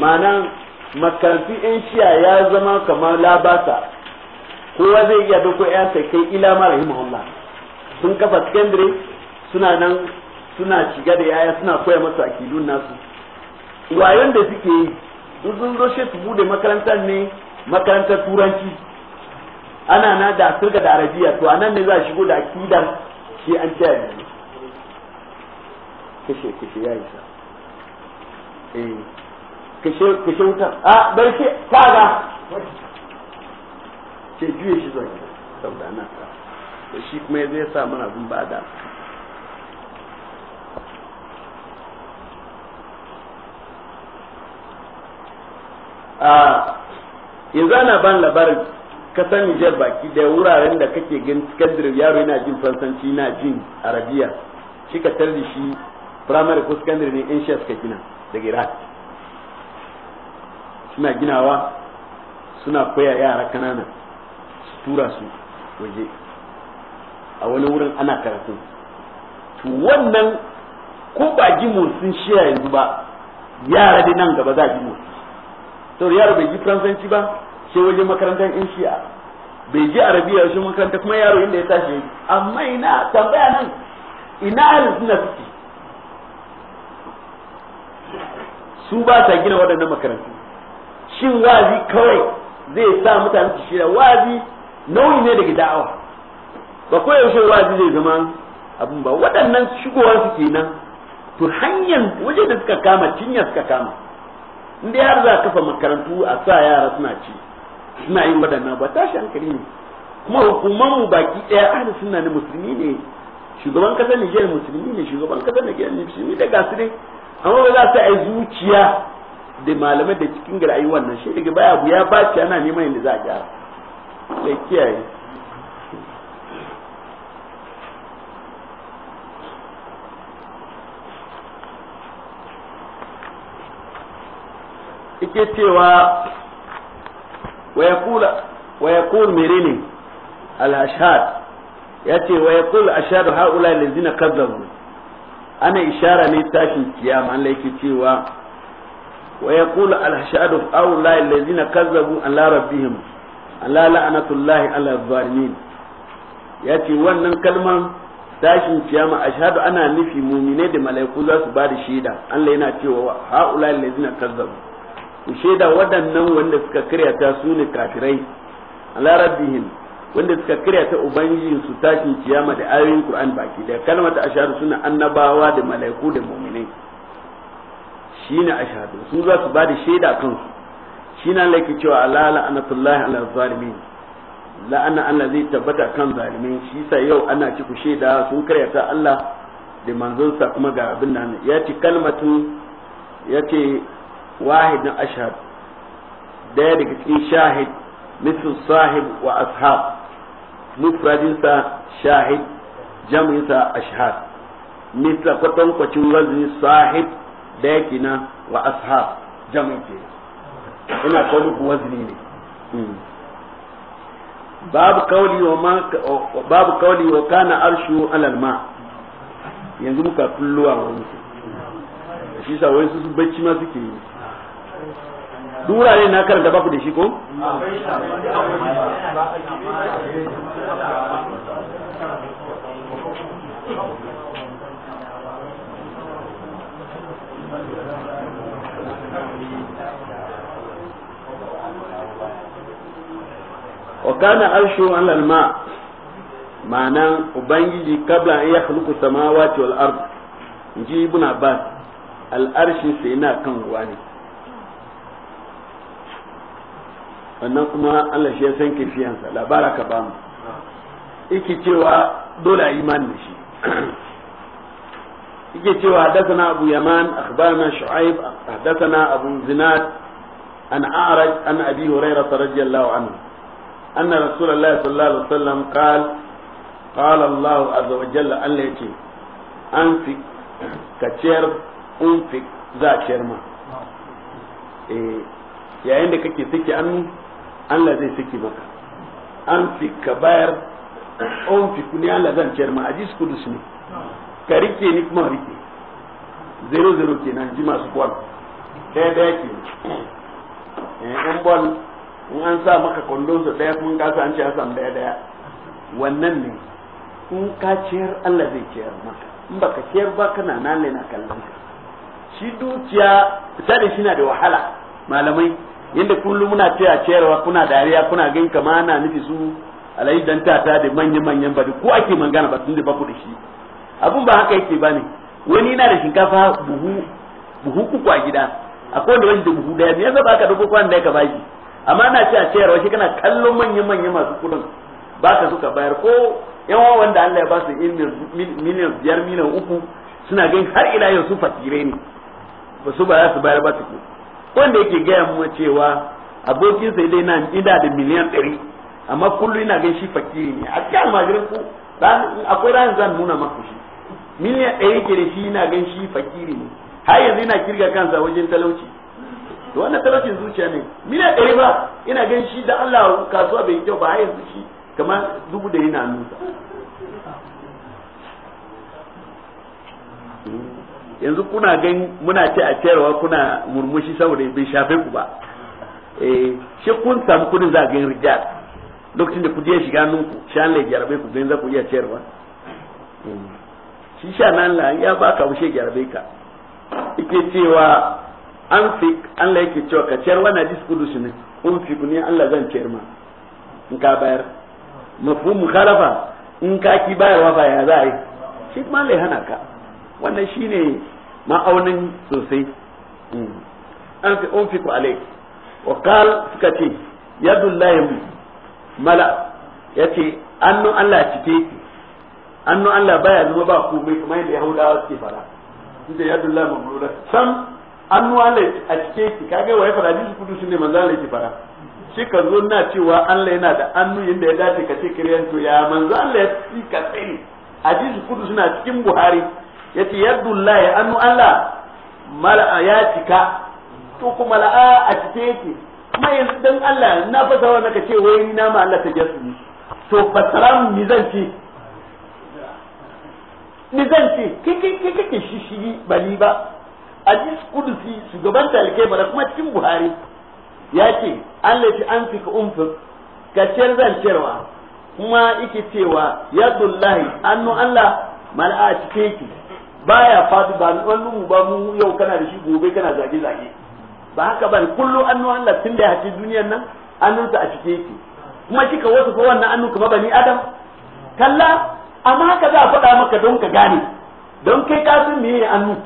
Ma'anan makarantu ‘yan shiya ya zama kamar labasa kowa zai iya doko ‘yan kai ila mara Allah. sun kafa secondary suna nan suna shiga da yaya suna koya masa akidun nasu wayan da suke yi duk sun zo shi su bude makarantar ne makarantar turanci ana na da afirka da arabiya to anan ne za a shigo da akidar shi an ce yanzu kashe kashe ya isa eh kashe kashe wuta a bar shi kaga ce juye shi zuwa gida saboda ana ta shi kuma ya zai sa mana abin ba da yanzu ana ban labarin kasan Nijar baki da wuraren da kake gan kandir yaro yana jin Faransanci yana jin Arabiya shi ka tarbi shi primary ko secondary ne in suka gina daga Iraq suna ginawa suna koya yara kanana su tura su waje a wani wurin ana karatu to wannan ko ba mu sun shiya yanzu ba yara dai nan gaba za a mu. to yaro bai ji faransanci ba sai wajen makarantar in shi'a bai ji arabiya shi makaranta kuma yaro inda ya tashi amma ina tambaya nan ina ahlus sunna suke su ba sa gina waɗannan makarantu shin wazi kawai zai sa mutane su shirya wazi nauyi ne daga da'awa ba ko yaushe wazi zai zama abin ba waɗannan shigowar su nan to hanyar waje da suka kama cinya suka kama inda har za kafa makarantu a sa yara suna ci suna yin waɗannan ba tashi hankali ne kuma hukuman mu baki ɗaya ahli sunna ne musulmi ne shugaban kasa Nijar musulmi ne shugaban kasar Nijar musulmi da gasu ne amma ba za su yi zuciya da malamai da cikin gari yi wannan shi daga baya bu ya baci ana neman yadda za a gyara sai kiyaye ike cewa wa yaqul menene al-ashhad ce wa yaqul ashhadu haula allazina kazzabu ana ishara ne tashin kiyama Allah yake cewa wa yaqul al-ashhadu haula allazina kazzabu ala rabbihim ala la'natullahi ala zalimin ce wannan kalman tashin kiyama ashhadu ana nufi mumine da mala'iku za su ba da shaida Allah yana cewa haula allazina kazzabu ku shaida waɗannan wanda suka ta su ne kafirai alarabihim wanda suka karyata ubangijin su tashin kiyama da ayoyin qur'an baki da kalmata ashadu suna annabawa da malaiku da mu'minai shine ashadu su za su bada shaida kansu shine Allah yake cewa ala la'anatullahi ala zalimin la'ana Allah zai tabbata kan zalimin shi sa yau ana ci ku shaida sun ta Allah da manzonsa kuma ga abin nan ya ce kalmatun ya ce wahid na ashhad daya daga cikin shahid mislu sahib wa ashab mufradinsa shahid jam'insa ashhad misla kwatankwacin wazini sahib daya wa ashab jam'in ke ina kawo wazini ne babu kauli wa ma babu yanzu muka kulluwa wa musu bacci ma suke yi dura ne na karanta ba da shi ko wa kana arshu alal ma ma'anan ubangiji kabla an ya khluqu samawati wal ard inji ibn abbas al arshi sai na kan ruwa ne wannan kuma Allah shi ya san kifiyansa labara ka bamu yake cewa dole a iman da shi yake cewa haddathana abu yaman akhbarana shu'aib haddathana abu zinad an a'raj an abi hurairah radiyallahu anhu anna rasulullahi sallallahu alaihi wasallam qala qala Allah azza wa jalla Allah yace an fi kaciyar un fi za ciyar ma eh yayin kake saki an Allah zai saki maka an fi ka bayar an fi ku ne Allah zan ciyar ma ajis kudus ne ka rike ni kuma rike zero zero nan ji masu bol daya daya ke in eh, bol in an sa maka kwallon su daya kuma kasa an ce an samu daya daya wannan ne in ka ciyar Allah zai ciyar maka in baka ciyar ba kana nan ne na kallon ka shi dukiya misali shi na da wahala malamai inda kullum muna cewa ciyarwa kuna dariya kuna gan kama ana nufi su alayi dan tata da manyan manyan ba ko ake mangana ba tun da baku da shi abun ba haka yake bane wani yana da shinkafa buhu buhu uku a gida akwai wanda wani da buhu daya ne yasa baka dubo kwan da ya ka bashi amma ana ce a shi kana kallon manyan manyan masu kudin baka suka bayar ko yan wanda Allah ya ba su miliyan biyar miliyan uku suna gan har ila yau su fasire ne ba su ba za su bayar ba su wanda yake gaya mu cewa abokin sai dai nan ina da miliyan ɗari amma kullum ina gan shi fakiri ne a cikin almajirin ku akwai ranar zan nuna maku shi miliyan ɗari ke da shi ina gan shi fakiri ne har yanzu ina kirga kansa wajen talauci to wannan talaucin zuciya ne miliyan ɗari ba ina gan shi da Allah kasuwa bai kyau ba har yanzu shi kamar dubu da yana nusa yanzu kuna gan muna ce a ciyarwa kuna murmushi saboda bai shafe ku ba eh shi kun samu kudin za ga rijal lokacin da kudi ya shiga nun ku shan lai jarabe ku gan za ku iya ciyarwa shi sha nan la ya ba ka wushe jarabe ka yake cewa an fi Allah yake cewa ka ciyar wannan diskudus ne kun fi ne Allah zan ciyar ma in ka bayar mafhumu mukhalafa in ka ki bayarwa ba ya za a yi shi ma lai hana ka wannan shine ma'aunin sosai hmm. an fi unfiku alai wa qal suka ce yadullahi mala ce annu Allah cike annu Allah baya zuwa ba mai kamar yadda Yahudawa suke fara inda yadullahi mamluda sam annu Allah a cike ki kage ya fara ji kudu shine manzo Allah yake fara shi ka zo na cewa Allah yana da annu yadda ya dace ka ce kiryan to ya manzo Allah ya ci ka a hadisi kudu suna cikin Buhari yace yadullahi annu Allah mala'a ya cika to kuma la'a a cike yake kuma yanzu dan Allah na fa sawa ka ce wai ni na ma Allah ta jasu to fasaram ni zan ce ni zan ce kike kike shi shishigi bali ba hadis kudusi shugaban talike bara kuma cikin buhari ya ce Allah ce an fika umfik ka ciyar zan ciyarwa kuma yake cewa yadullahi annu Allah mala'a cike yake baya fadi ba wani mu ba mu yau kana da shi gobe kana zage zage ba haka ba kullu annu Allah tun da ya hace duniyar nan ta a cike yake kuma shi ka wasu fa wannan annu kuma bani adam kalla amma haka za a faɗa maka don ka gane don kai ka san meye annu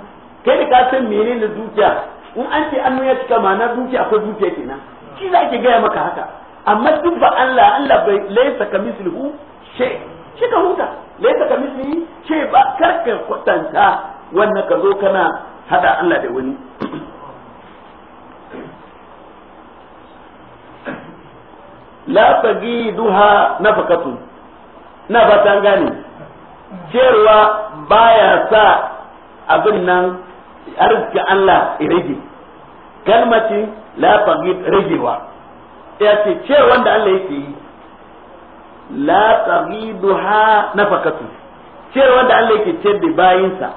kai da ka san na dukiya in an ce annu ya cika mana dukiya akwai dukiya kenan shi za ke gaya maka haka amma duk ba Allah Allah bai laisa ka mislihu shay kika huta huta yasa ka mishi ce ba ka kwatanta wannan ka zo kana hada Allah da wani la tagiduha nafakatu na ba ta gane cewa baya sa abin nan arziki Allah ya rage kalmaci la tagid ragewa ya ce ce wanda Allah yake yi la taghiduha nafakatu ciyar wanda Allah yake ce da bayinsa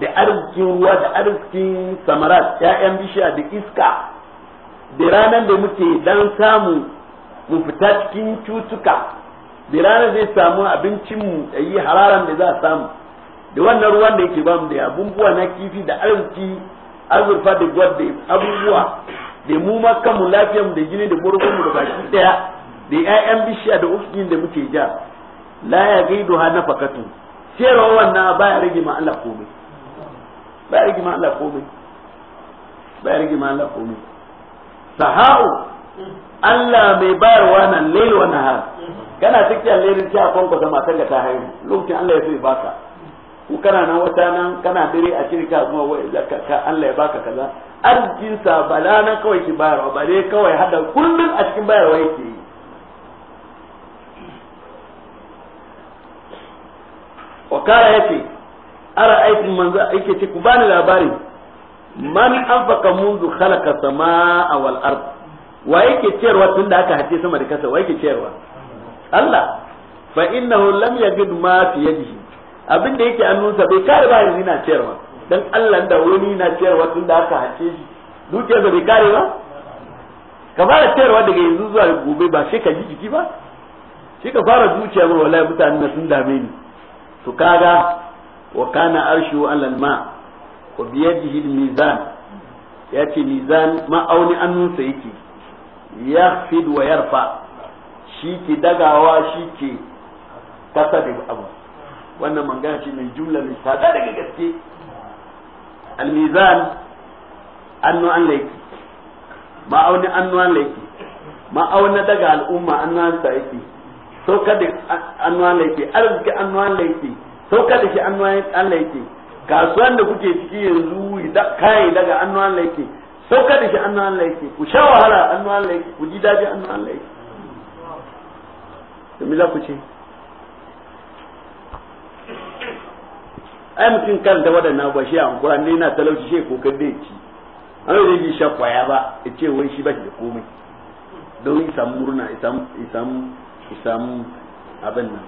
da arzikin ruwa da arzikin samarat ya'yan bishiya da iska da ranar da muke dan samu mu fita cikin cutuka da ranar zai samu abincinmu da yi hararan da za a samu da wannan ruwan da yake bamu da abubuwa na kifi da arziki azurfa da da abubuwa da mu ma lafiyarmu da jini da murfinmu da baki daya da ƴaƴan bishiya da oxygen da muke ja la ya gaidu ha na fakatu sayarwa wannan ba ya rage ma Allah komai ba ya rage ma Allah komai ba ya rage ma Allah komai sahau Allah mai bayarwa nan lailu wani har kana cikin lairin ta kwanko da matar da ta haihu lokacin Allah ya so ya baka ko kana nan wata nan kana dare a shirka zuwa wai ka Allah ya baka kaza arjin sa bala na kawai ki bayarwa bare kawai hada kullun a cikin bayarwa yake yi wa kara yace ara aikin manzo yake ce ku bani labari man afaka munzu khalaqa samaa wal ard wa yake cewa tun da aka hace sama da kasa wa yake cewa Allah fa innahu lam yajid ma fi yadihi abin da yake annunsa bai kare ba yanzu na cewa dan Allah da wani na cewa tun da aka hace shi dukiyarsa bai kare ba ka fara cewa daga yanzu zuwa gobe ba shi ka ji jiki ba shi ka fara zuciya ba wallahi mutanen sun dame ni to kaga wa kana arshu alal ma wa bi yadihi mizan yace mizan ma'auni annunsa yake yahfid wa yarfa shi ke dagawa shi ke kasa da abu wannan mangana ce mai jumla mai sada daga gaske Al-mizan annu an laiki ma'auni annu an laiki auni daga al'umma annu an sa yake saukar da annuwa laifi arziki annuwa laifi saukar da shi annuwa laifi kasuwan da kuke ciki yanzu kayi daga annuwa laifi saukar da shi annuwa laifi ku sha wahala annuwa laifi ku ji daji annuwa laifi da mila ku ce ai mutum karanta waɗannan ba shi a hankura ne na talauci shi ko kan da ci an yi bi sha kwaya ba ya ce wai shi ba shi da komai don yi murna ya samu abin nan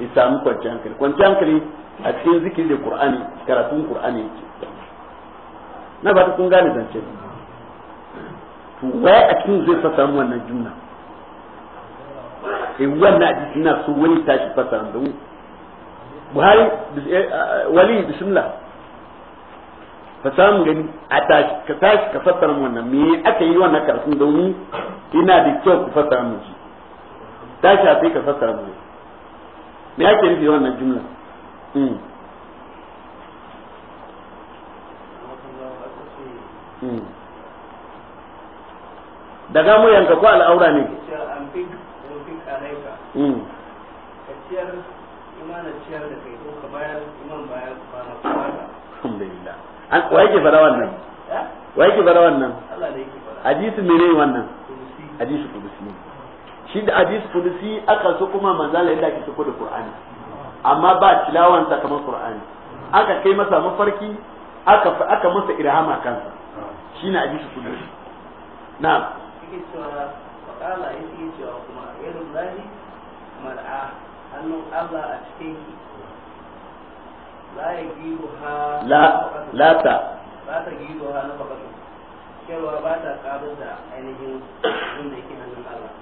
ya samu kwanci hankali kwanci hankali a cikin zikiri da ƙur'ani karatun qur'ani yake na ba ta kun gane zance to waye a cikin zai fa samu wannan juna e wannan a cikin na so wani tashi fa samu da buhari eh, wali bismillah fa samu gani a tashi ka tashi ka fassara wannan me aka yi wannan karatun domin ina da kyau ku fassara mu ta shafi ka fassara mu me ake nufi wannan jumla hmm. Hmm. daga mu yanka ko al'aura ne hmm. alhamdulillah wa yake fara wannan eh? wa yake fara wannan hadisi mene wannan hadisi kudusi shi da hadis kudusi aka so kuma manzala yadda ake so da qur'ani amma ba tilawan sa kamar qur'ani aka kai masa mafarki aka aka masa irhama kansa shine hadis kudusi na'am yake cewa qala yake cewa kuma yadullahi mar'a hannun Allah a cikin la yagibuha la la ta la ta gibuha na bakatu cewa ba ta kabar da ainihin inda yake hannun Allah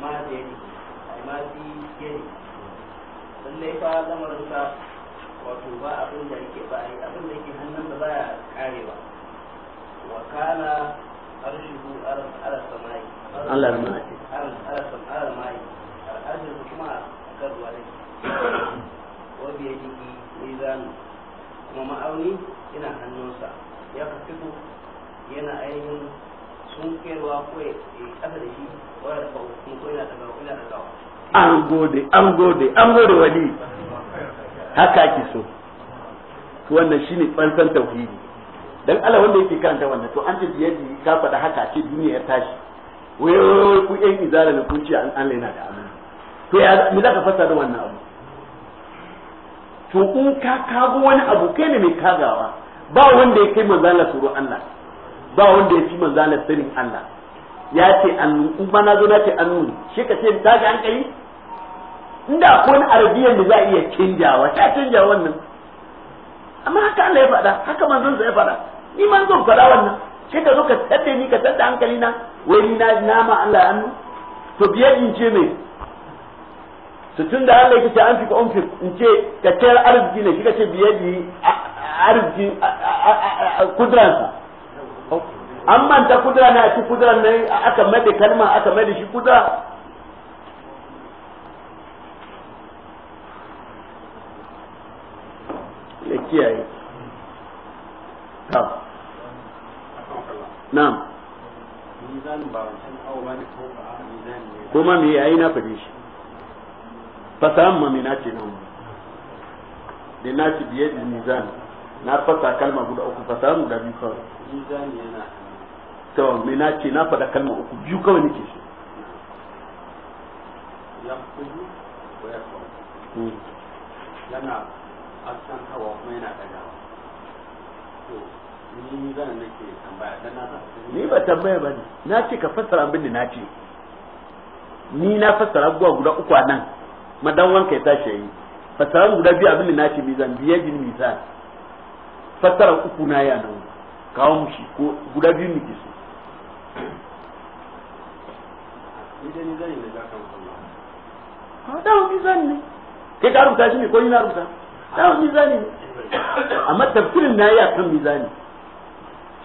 ma da yadi ai ma fi yadi lallai fa lamarin sa wato ba abin da yake ba ai abin da yake hannun da ba baya karewa wa kana arshihu ala samai ala samai ala samai ala kuma kan ruwa ne wa bi yadihi mizanu kuma ma'auni yana hannunsa ya fito yana ainihin sun kaiwa ko ya kasa da shi an gode an gode an gode wali haka ake so to wannan shine fansan tauhidi dan Allah wanda yake karanta wannan to an ce yadda ka faɗa haka ce duniya ya tashi wayo ku yan izara ne kunci an Allah yana da amana to ya mu zaka fasa da wannan abu to in ka kago wani abu kai ne mai kagawa ba wanda ya kai manzalar tsoro Allah ba wanda ya fi manzala sanin Allah ya ce annu in ba na zo na ce annu ne shi ka ce ta ga hankali inda akwai wani arabiyan da za a iya canjawa ta canja wannan amma haka Allah ya faɗa haka manzon sa ya faɗa ni zo faɗa wannan shi ka zo ka tsadde ni ka tsadda hankali na wai ni na nama Allah annu to biyar in ce me to tun da Allah ce an fika umfi in ce ka tayar arziki ne shi ka ce biyar arziki kudransa an manta kudura na ci kudura aka kalma aka shi kudura ya kiyaye ta na'am kuma me yayi na fade shi fasaran nan da na biye da mizan na fasa kalma guda uku mizan yana to me na ce na faɗa kalma uku biyu kawai nake shi hmm. yana askantawa kuma yana ɗagawa ni zan nake tambaya dan na ni ba tambaya ba ne na ce ka fassara abin da na ce ni na fassara abubuwa guda uku a nan madawan ka ya tashi yi fassara guda biyu abin da na ce mizan biye jin mizan fassara uku na ya kawo mushi ko guda biyu nake so dawon mizani ah, ne kai na mizani ne amma tafsirin na yi a kan mizani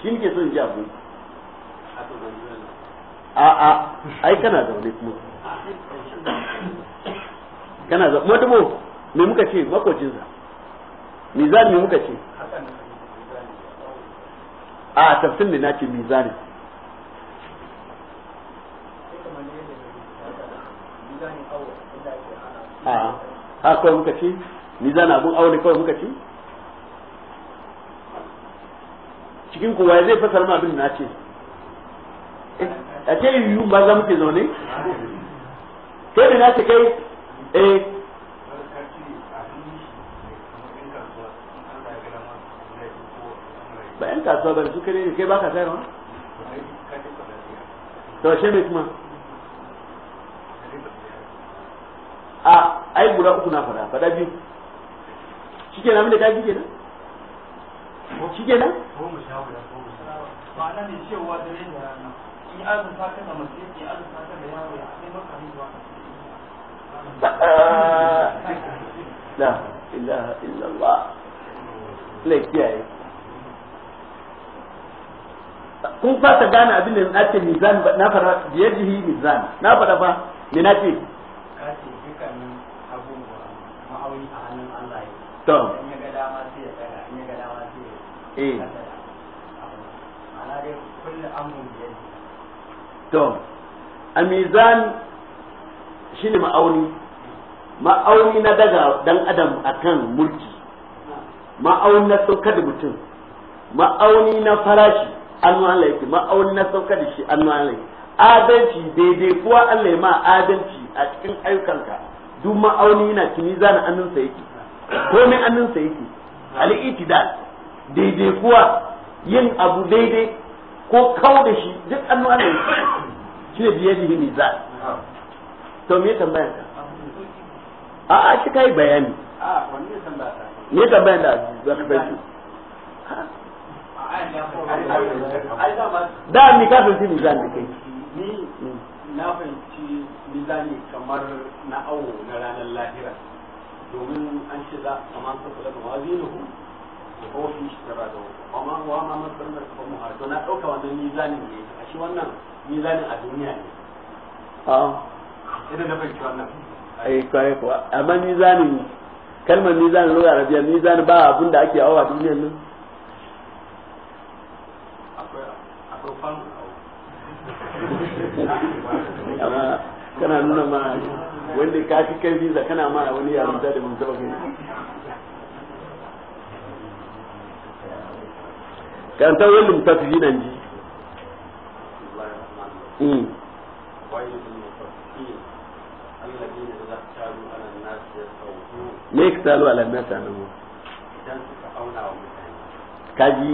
shi ne ke son ji kana zaune kuma kana me muka ce makocinsa mizani me muka ce a tafsirin ne na ce mizani a ha kawai muka ce mizan abun aure kawai muka ce cikin kowa zai fasar ma abin na ce a ce yiwu ba za muke zaune kai da na ce kai eh ba yan kasuwa ba su kare ne kai ba ka sayarwa to shi mai kuma a ai guda uku na fada fada biyu ke na da kaji ke shike na ne cewa da da da masu yake da ya la ilaha illallah la kiyaye kun fasa gane abin da na ce mizan na fara biyar jihi mizan na fara ba ne na ce to eh. to a mizan ne ma'auni ma'auni na daga dan adam akan mulki ma'auni na sauka da mutum ma'auni na farashi an Allah ma'auni na sauka da shi an Allah adalci daidai kuwa Allah ya ma adalci a cikin ayyukanka duk ma'auni yana tuni zana annunsa yake komai annansa yake al da daidai kuwa yin abu daidai ko kau da shi duk annu Allah yake shi ne biye bihi za to me tambayar ka a a shi kai bayani a wanne tambaya ne tambayar da zaka da mi ka fahimci mizan da kai ni na fahimci mizani kamar na awo na ranar lahira domin an ce za a man sa kula da wazi na hu da kofi fi shi tara da amma wa ma masarar da kuma har to na ɗauka wannan mizanin ne a shi wannan mizanin a duniya ne ah. a idan na fahimci wannan ai kai ko amma mizanin kalmar mizanin lura arabiya mizanin ba abin da ake awa duniyar nan akwai akwai kana nuna ma wanda ka fi kai visa kana ma wani yarinta da mun taba kan ta mutafi nan ji hmm. me ka talo ala na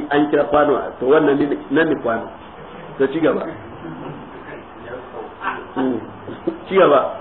an kira kwano to wannan nan ne kwano to ci gaba hmm. ci gaba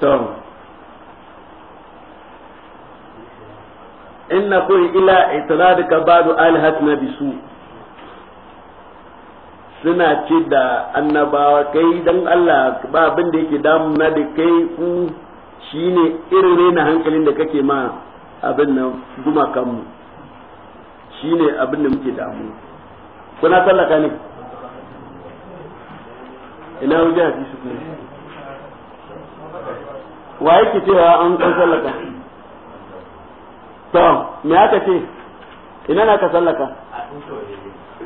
to in na kun ila itiradika badu alhatina bisu suna ce da annabawa kai dan Allah ba abin da yake na da kai ku shine irin rena hankalin da kake ma abin nan gumakanmu shine abin da muke damu kuna tallaka ne ina wajen su kuma wa yake cewa an kan sallaka to me aka ce ina na ka sallaka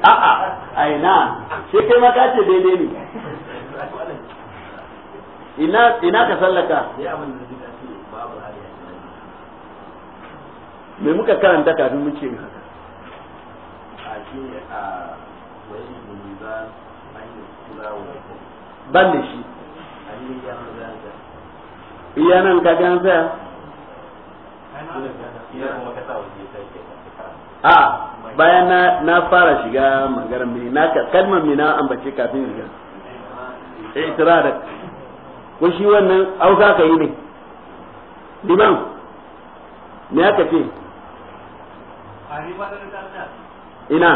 a aina shi kai ma ka ce daidai ne ina ina ka sallaka me muka karanta kafin muke haka a shi a wani ban da shi iya nan ka an tsaya a bayan na na fara shiga magana mai na kalmar mai na ambace kafin shiga itiradak eh, ko shi wannan auka ka yi ne liman me aka ce ina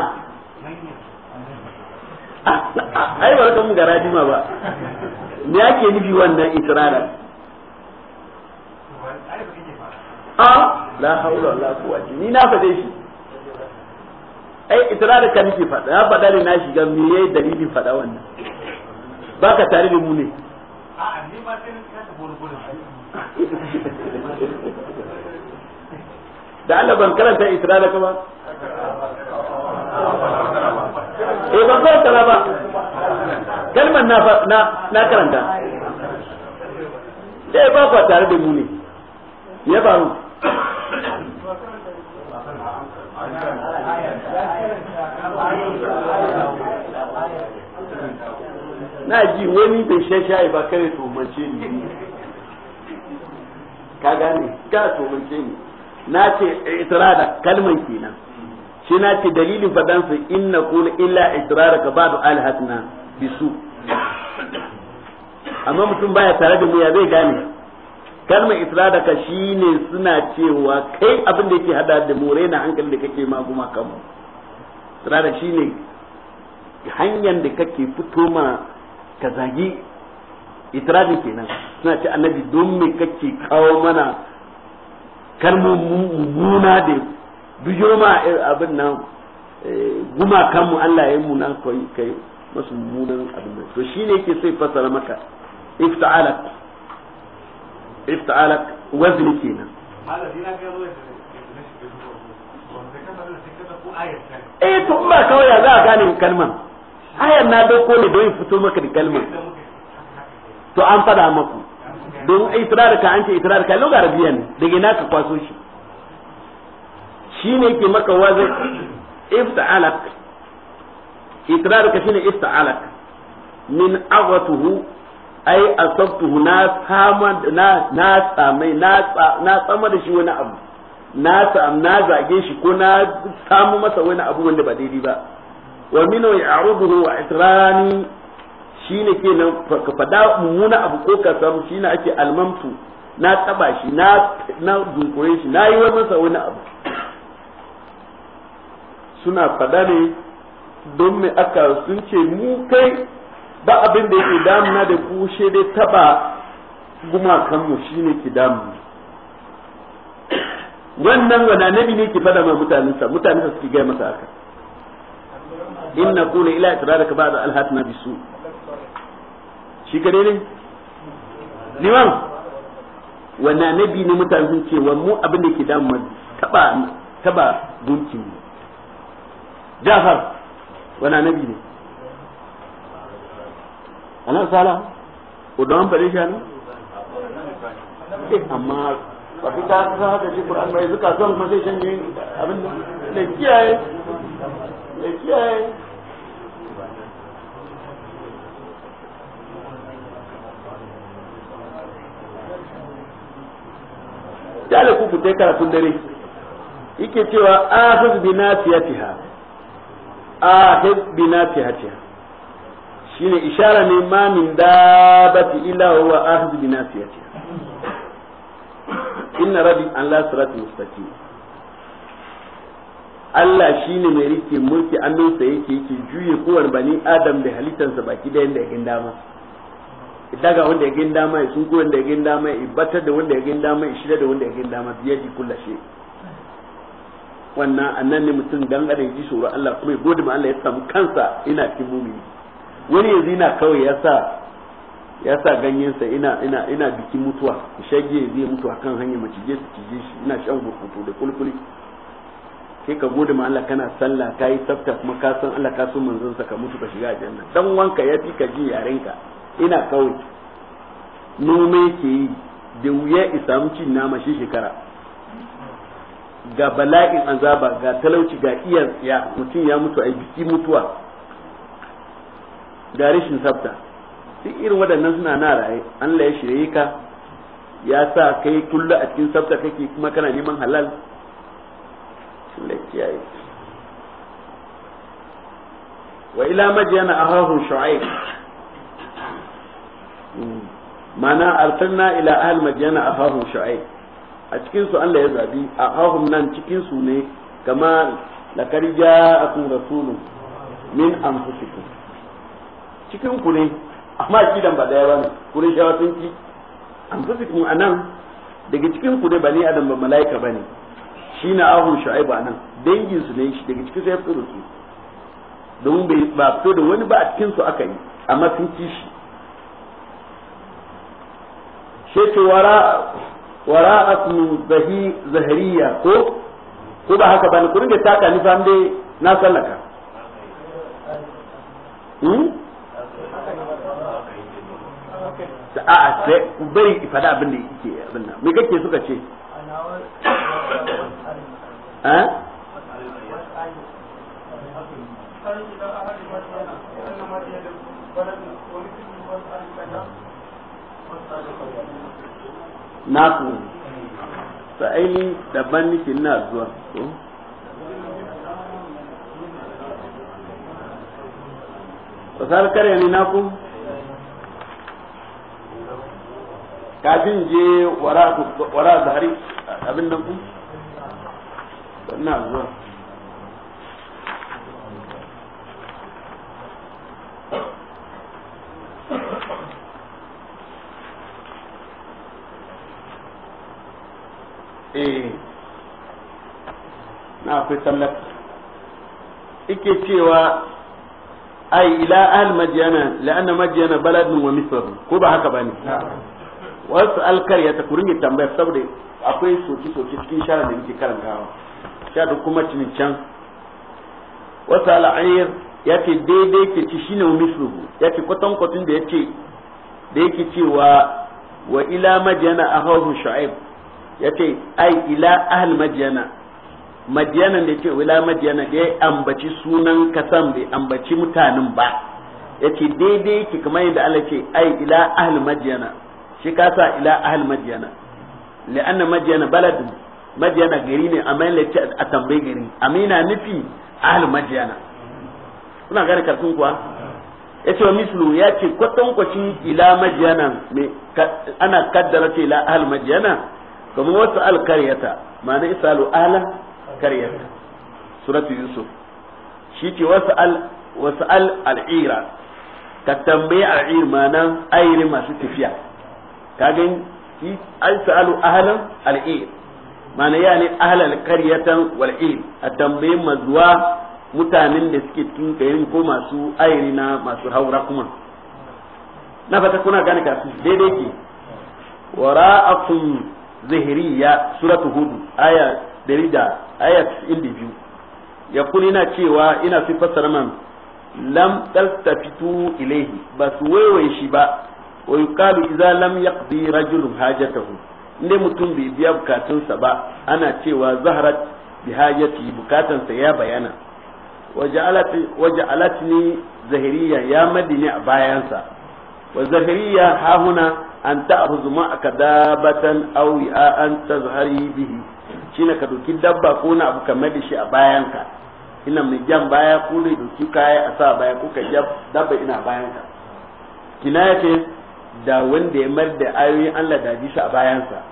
ai ba ka mun garaji ma ba me ake nufi wannan itiradak a la haula wala quwwata ni na fade shi ai itirada kan ki fada ya fada ne na shi ga me yayi dalilin fada wannan baka tare da mu ne a a ni ma sai ka burbura da Allah ban karanta itirada ka ba eh ban karanta ba kalmar na na karanta sai eh, ba ka tare da mu ne ya faru na ji wani bai sha shayi ba kare tomance ni ka gane ka tomance ni na ce eh, itirada kalman kenan shi na ce dalilin fadansa inna kula illa itirada ka ba'du alhatna bisu amma mutum baya tare da mu ya zai gane kalmar shi ne suna cewa kai abin da yake hada da more na hankali da kake ma kuma kan shi ne hanyar da kake fito ma ka zagi ke nan suna ce annabi don me kake kawo mana kalmar muna da bijo ma eh, abin nan eh, kan mu Allah ya muna kai masu mummunan abin nan to shine yake sai fasara maka ifta'alat ifta'ala wazni kenan eh to in ba kawai ya za a gane kalman ayar na dauko ne don fito maka da kalman to an fada maku don itirar ka an ce itirar ka lugha arabiya ne daga ina ka kwaso shi shine yake maka wazin ifta'alak itirar ka shine ifta'alak min aghatuhu ai asabtuhu na sama na na samai na na sama da shi wani abu na sam na zage shi ko na samu masa wani abu wanda ba daidai ba wa min ya'ruduhu wa itrani shine kenan ka fada mummuna abu ko ka samu shine ake almamtu na taba shi na na dunkure shi na yi masa wani abu suna fada ne don me aka sun ce mu kai ba abin da yake damuna da ku shi dai taba gumakan mu shine ki damu wannan wani nabi ne ki fada ma mutanensa mutanensa suke gaya masa haka in na kuna ila ka bada da na bisu shi kare ne liman wani nabi ne mutane sun ce wa mu abin da ke damu taba taba gunkin mu jafar wannan nabi ne ana sala udan fare shi ne eh, amma ba fi ta sa da shi Qur'an bai zuka son ma sai shanye abin da ne kiyaye ne kiyaye kyale ku ku tai karatun dare yake cewa ahiz bi nafiyatiha ahiz bi nafiyatiha shine ishara ne ma min dabati illa huwa akhidh bi ce? inna rabbi an la sirati mustaqim Allah shine mai rike mulki aminsa yake yake juye kowar bani adam da halittarsa baki da yanda ya ginda dama daga wanda ya ginda dama ya sunko wanda ya gina dama, ya ibatar da wanda ya gina dama, ya shida da wanda ya dama, ginda ji kula shi. wannan annan ne mutum dangane ji tsoro Allah kuma ya gode ma Allah ya samu kansa ina cikin mumini wani yanzu ina kawai ya sa ya sa ganyensa ina ina ina bikin mutuwa shage zai mutu akan hanyar macije su cije shi ina shan gurkutu da kulkuli sai ka gode ma Allah kana sallah ka yi tsafta kuma ka san Allah ka so manzon sa ka mutu ka shiga aljanna dan wanka ya fi ka ji yaren ka ina kawai nome ke yi da wuya isamu cin nama shi shekara ga bala'in azaba ga talauci ga iya tsiya mutum ya mutu a biki mutuwa da rashin tsafta duk irin waɗannan suna na raye Allah ya shirye ka ya sa kai kullu a cikin tsafta kake kuma kana neman halal Allah kiyaye wa ila madyana ahahu shu'aib mana arsalna ila ahal madyana ahahu shu'aib a cikin su Allah ya zabi ahahum nan cikin su ne kama lakar akun rasulun min anfusikum cikin ku ne amma kidan ba daya bane kure shawa sun ci an a anan daga cikin ku ne ni adam ba malaika ba ne shi na ahu shu'aibu anan dangin su ne shi daga cikin sai fito su don bai ba fito da wani ba a cikin su aka yi amma sun ci shi sai ce wara wara asmu zahi zahiriya ko ko ba haka ne ku ringa taka ni fa dai na sallaka hmm? a'a sai bari ifada abin da yake abin nan me kake suka ce eh na ku ta aini daban nake na zuwa ko tsar kare ne na ku kafin je wara hari abin nan ku wannan zuwa eh na akwai sallar ike cewa ai ila al madiyana la'anna madiyana baladun wa misr ko ba haka bane wasu alkarya ta kuri yi tambaya saboda akwai soki-soki cikin shara da muke karantawa sha da kuma can wasu al'ayyar ya ce daidai ke ci shine misluhu ya ce kwatan da ya ce da yake cewa wa ila madiyana hau shu'aib ya ce ai ila ahal madiyana madiyana da ya ce ila madiyana da ya ambaci sunan kasan bai ambaci mutanen ba ya ce daidai ke kamar yadda Allah ce ai ila ahal madiyana shi ka sa ila ahal madiyana li'anna madiyana baladin madiyana gari ne amma lace a tambayi gari amina nufi ahal madiyana kuna gane karfin kuwa ya ce wa mislu ya ce kwatankwacin ila madiyana ana kaddara ce ila ahal madiyana kuma wasu alkaryata ma'ana isalu ala karyata suratu yusuf shi ce wasu al wasu al al'ira ka tambayi al'ir ma'ana ayirin masu tafiya kagin shi an sa'alu ahlan al'id ma'ana ya ne ahlal qaryatan wal a tambayin mazuwa mutanen da suke cikin kayan ko masu ayiri na masu haura kuma na fata kuna gane ka su daidai ke wara'atun zahiriya suratu hudu aya dari da aya 92 ya kuni na cewa ina fi fassara man lam tastafitu ilaihi ba su waiwaye shi ba wa yuqalu idza lam yaqdi rajulun hajatahu inda mutum bai biya bukatunsa ba ana cewa zaharat bi hajati bukatansa ya bayana alat ne zahiriya ya madini a bayansa wa zahiriya hahuna an ta'ruzu ma akadabatan aw an tazhari bihi shine ka doki dabba ko na abu kamar da shi a bayanka ina mai jan baya ko ne doki kaya a sa baya ko ka dabba ina bayanka kinaya ce da wanda ya mar da ayoyin Allah da a bayansa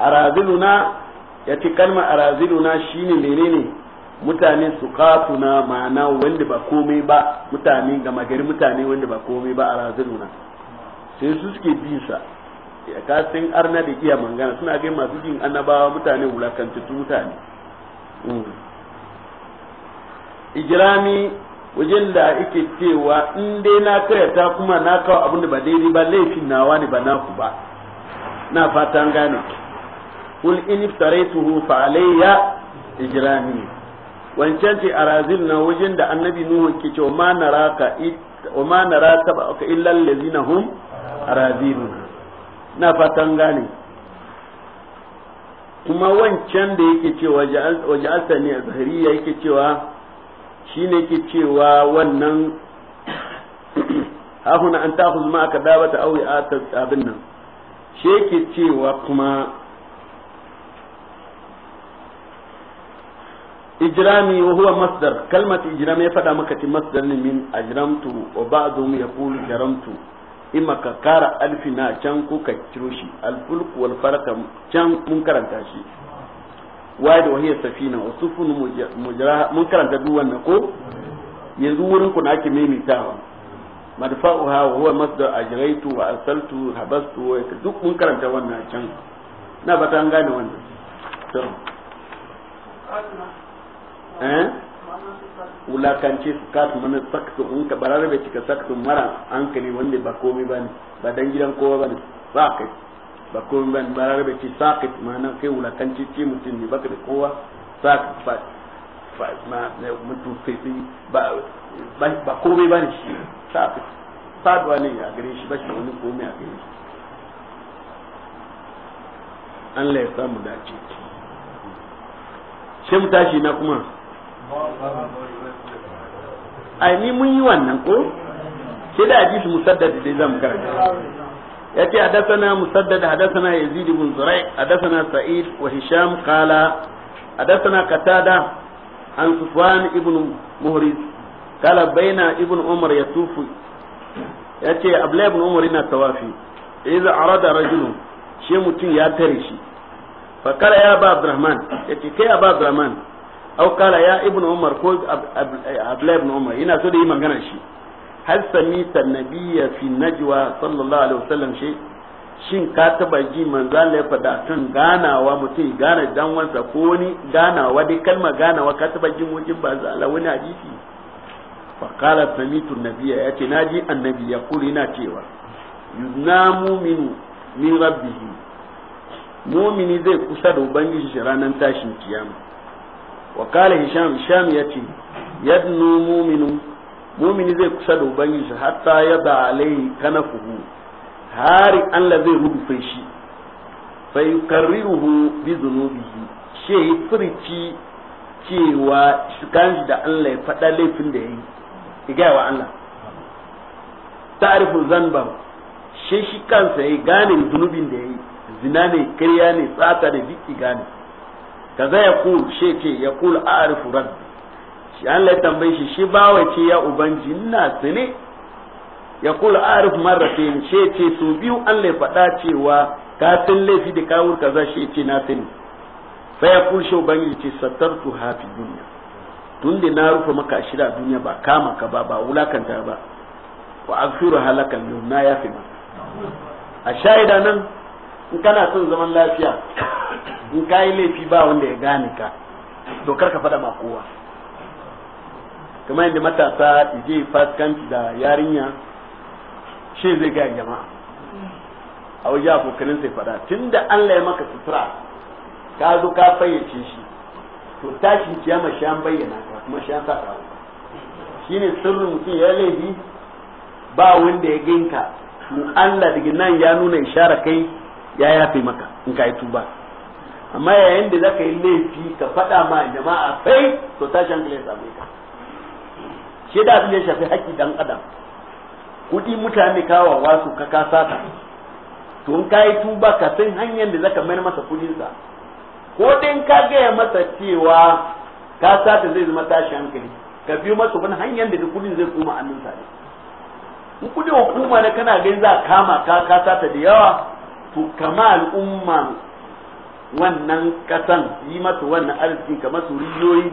araziluna ya ce kalmar araziluna shine menene mutane su katuna ma'ana wanda ba komai ba mutane gama gari mutane wanda ba komai ba araziluna sai su suke bisa ya kasin arna da iya mangana suna gai masu jin annabawa mutane wulakantattu mutane hmm. ijirami wajen da ake cewa in dai na karyata kuma na kawo abin da ba daidai ba laifin nawa ne ba naku ba na fatan gane kul in iftaraituhu fa alayya ijrami wancan ce arazil na wajen da annabi nuhu ke cewa ma naraka wa ma naraka ka illa allazina hum arazil na fatan gane kuma wancan da yake cewa waja'alta ne a zahiriya yake cewa shi ne ke cewa wannan hahuna an ta huzuma aka dabata auri a abin nan shi ke cewa kuma ijrami wa huwa masdar kalmat ijrami ya faɗa maka ci masdar ne min ajramtu wa ya qulu jaramtu imma ka kara alfina na can ko ka ciro shi alfulku wal faraka can mun karanta shi waye da wahiyar safina wa sufun mujraha mun karanta duk wannan ko yanzu wurin ku na ake maimaitawa madfa'uha wa huwa masdar ajraitu wa arsaltu habastu wa duk mun karanta wannan can na ba ta an gane wannan to eh wulakance su kasu mana sakto in ka bararbe cika sakto mara hankali wanda ba komai ba ne ba dan gidan kowa ba ne ba kai ba ko ban bararabe ce sakit mana kai wulakanci ce mutum ne baka da kowa sakit fa ma ne mutum fi ba ba ko ba ne shi sakit faduwa ne ya gare shi ba shi wani komai a gare shi an Allah ya samu ci shi mu tashi na kuma ai ni mun yi wannan ko sai da hadisi musaddad dai zamu karanta yace hadathana musaddad hadathana yazid ibn zurai hadathana sa'id wa hisham qala hadathana qatada an sufwan ibn muhriz kala baina ibn umar yatufu yace abla ibn umar yana tawafi idza arada rajulun shi mutum ya tare shi qala ya ba abdurrahman yace kai ya ba abdurrahman aw kala ya ibn umar ko abla ibn umar yana so da yi magana shi har samita nabiya fi najwa sallallahu alaihi wasallam shi shin ka taba ji manzan ya faɗa kan ganawa mutum gane dan wansa ko wani ganawa dai kalma ganawa ka taba jin mujin ba za wani hadisi fa qala samitu nabiyya yace naji annabi ya kuri na cewa yuzna mu'minu min rabbihi mu'mini zai kusa da ubangiji shi ranar tashin kiyama wa qala hisham hisham yace yadnu mu'minu mumini zai kusa da ubangiji hatta ya da alai kuhu hari Allah zai rufe shi fa yukarriruhu bi dhunubihi she yi furici cewa shi da Allah ya faɗa laifin da ya yi gaya wa Allah ta'rifu zanban she shi kansa ya gane zunubin da ya yi zina ne kariya ne tsaka da diki gane kaza ya kul she ce ya kul a'rifu rabbi shi Allah ya tambaye shi shi bawa ce ya ubanji ina sane ya kula arif marratin ce ce su biyu Allah ya faɗa cewa ka laifi da kawur kaza shi ce na sani sai ya kula shi ubangiji ce tu hafi duniya tun da na rufe maka ashira duniya ba kama ka ba ba wulakanta ba wa afiru halakan yau na yafi ma a shaida nan in kana son zaman lafiya in ka yi laifi ba wanda ya gane ka dokar ka faɗa ba kowa kamar yadda matasa ije fasikanci da yarinya shi zai ga jama'a a wajen abokanin sai fada da Allah ya maka sutura ka zo ka fayyace shi to tashi tashin ma shi an bayyana ka kuma shi an sa ka ne sirrin mutum ya laifi ba wanda ya ginka mu Allah daga nan ya nuna ishara kai ya yafe maka in ka yi tuba amma yayin da zaka yi laifi ka faɗa ma jama'a sai to tashi an ya same ka shi da abin ya shafi haƙƙi dan adam kuɗi mutane kawo su ka kasa ta to in kayi tuba ka san hanyar da zaka mai masa sa ko din ka gaya masa cewa kasa ta zai zama tashi hankali ka biyo masa wani hanyar da kuɗin zai koma aminta ne in kuɗi hukuma da kana gani za kama ka kasa ta da yawa to kama al'umma wannan kasan yi masa wannan arziki kamar su riyoyi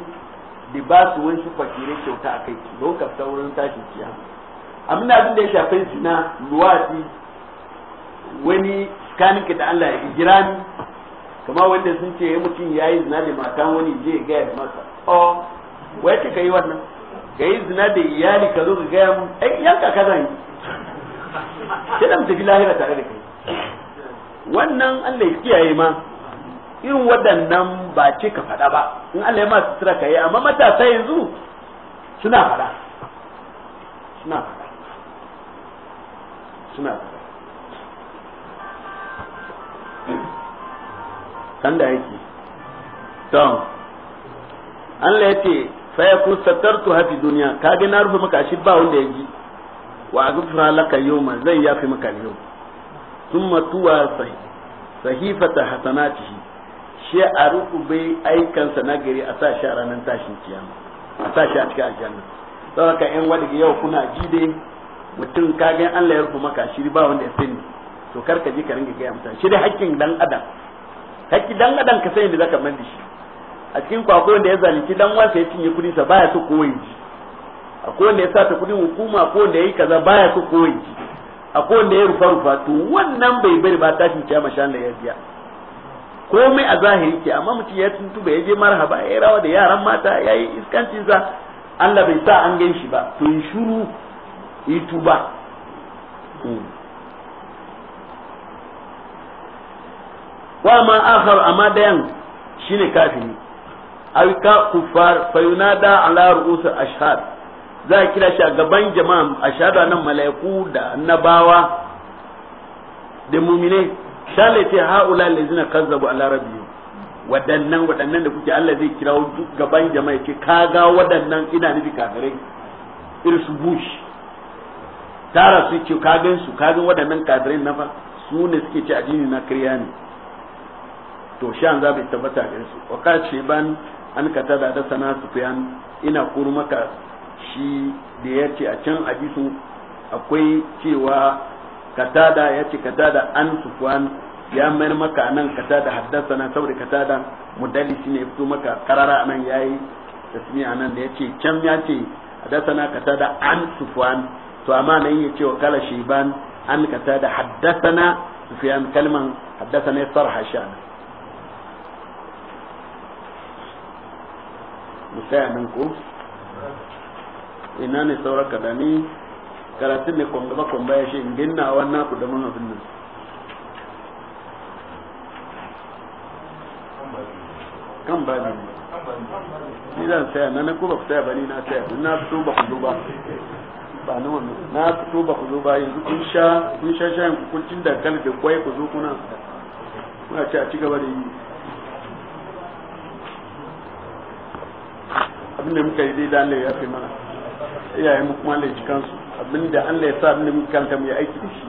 da ba su wani su fakire kyauta a kai lokacin kafta wurin tashin kiyama Amina abin da ya shafi zina luwati wani kanin ka da Allah ya ni kama wanda sun ce ya mutum ya yi zina da matan wani je ya gaya masa o wai ka yi wannan ka yi zina da iyali ka zo ka gaya mu ai yanka ka zan yi sai da mu tafi lahira tare da kai wannan Allah ya kiyaye ma irin waɗannan ba ce ka faɗa ba in Allah ya masu sutura ka yi amma matasa yanzu suna faɗa suna faɗa suna faɗa sanda yake don Allah ya ce faya ku sattartu hafi duniya ka ga na rufe maka shi ba wanda ya ji wa azfara laka ma zai yafi maka yau thumma matuwa sahifata hasanatihi shi a bai aikansa na gari a sa shi a ranar tashin kiyama a sa shi a cikin aljanna don haka yan wadda yau kuna ji dai mutum ka ga Allah ya rufe maka shiri ba wanda ya sani to kar ka je ka ringa gaya mutane shi dai hakkin dan adam hakki dan adam ka sani da zaka mandi shi a cikin kwakwai wanda ya zalunci dan wansa ya cinye kudi sa baya so koyi ji akwai wanda ya sa ta kudin hukuma ko wanda ya yi kaza baya so koyi ji akwai wanda ya rufa rufa to wannan bai bari ba tashin kiyama shan da ya biya komai a zahiri ke amma mutum ya tuntuba ya je marhaba ya rawa da yaran mata ya yi za Allah bai sa an gan shi ba to yi shuru yi tuba hmm. wa ma akhar amma dayan shine kafiri aw ka kufar yunada ala ru'usul ashhad za kira shi a gaban jama'a ashhadu nan mala'iku da annabawa da mu'minai shale ce haula lazina kazzabu ala rabbihim wadannan wadannan da kuke Allah zai kirawo gaban jama'a ce kaga wadannan ina nufi kafirai irsu bush tara su ce kagan su kagan wadannan kafirai na fa su ne suke ci addini na kariya ne to shan za bai tabbata gare su wa ka ce ban an ka tada da sana sufiyan ina kuru maka shi da ya ce a can hadisin akwai cewa katada ya ce katada an sufwan ya mayar maka nan katada haddasa na saboda katada shi ne ya fito maka karara nan yayi tasmiya nan da ya ce can ya ce haddasa na katada an sufwan to amma nan ya ce wa kala shiban an katada haddasa na sufyan kalman haddasa na ya sarha sha'ana musaya nan ko ina ne sauran kadani karatun ne kwamgaba kwamba ya shi ginna wannan ku da mun abin nan kan ba ne ni zan saya na ko ba ku saya ba ni na saya na fito ba ku zo ba ba ni wannan na fito ba ku zo ba yanzu kun sha kun sha shayin ku kun da kwai ku zo kuna kuna ci a ci gaba da yi abinda muka yi dai dalilai ya fi mana iyayen mu kuma laifi kansu abinda Allah ya sa abinda kanta mu yi aiki da shi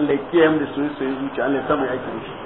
Allah ya kiyaye mu da soyayya zuciya Allah ya sa mu yi aiki da shi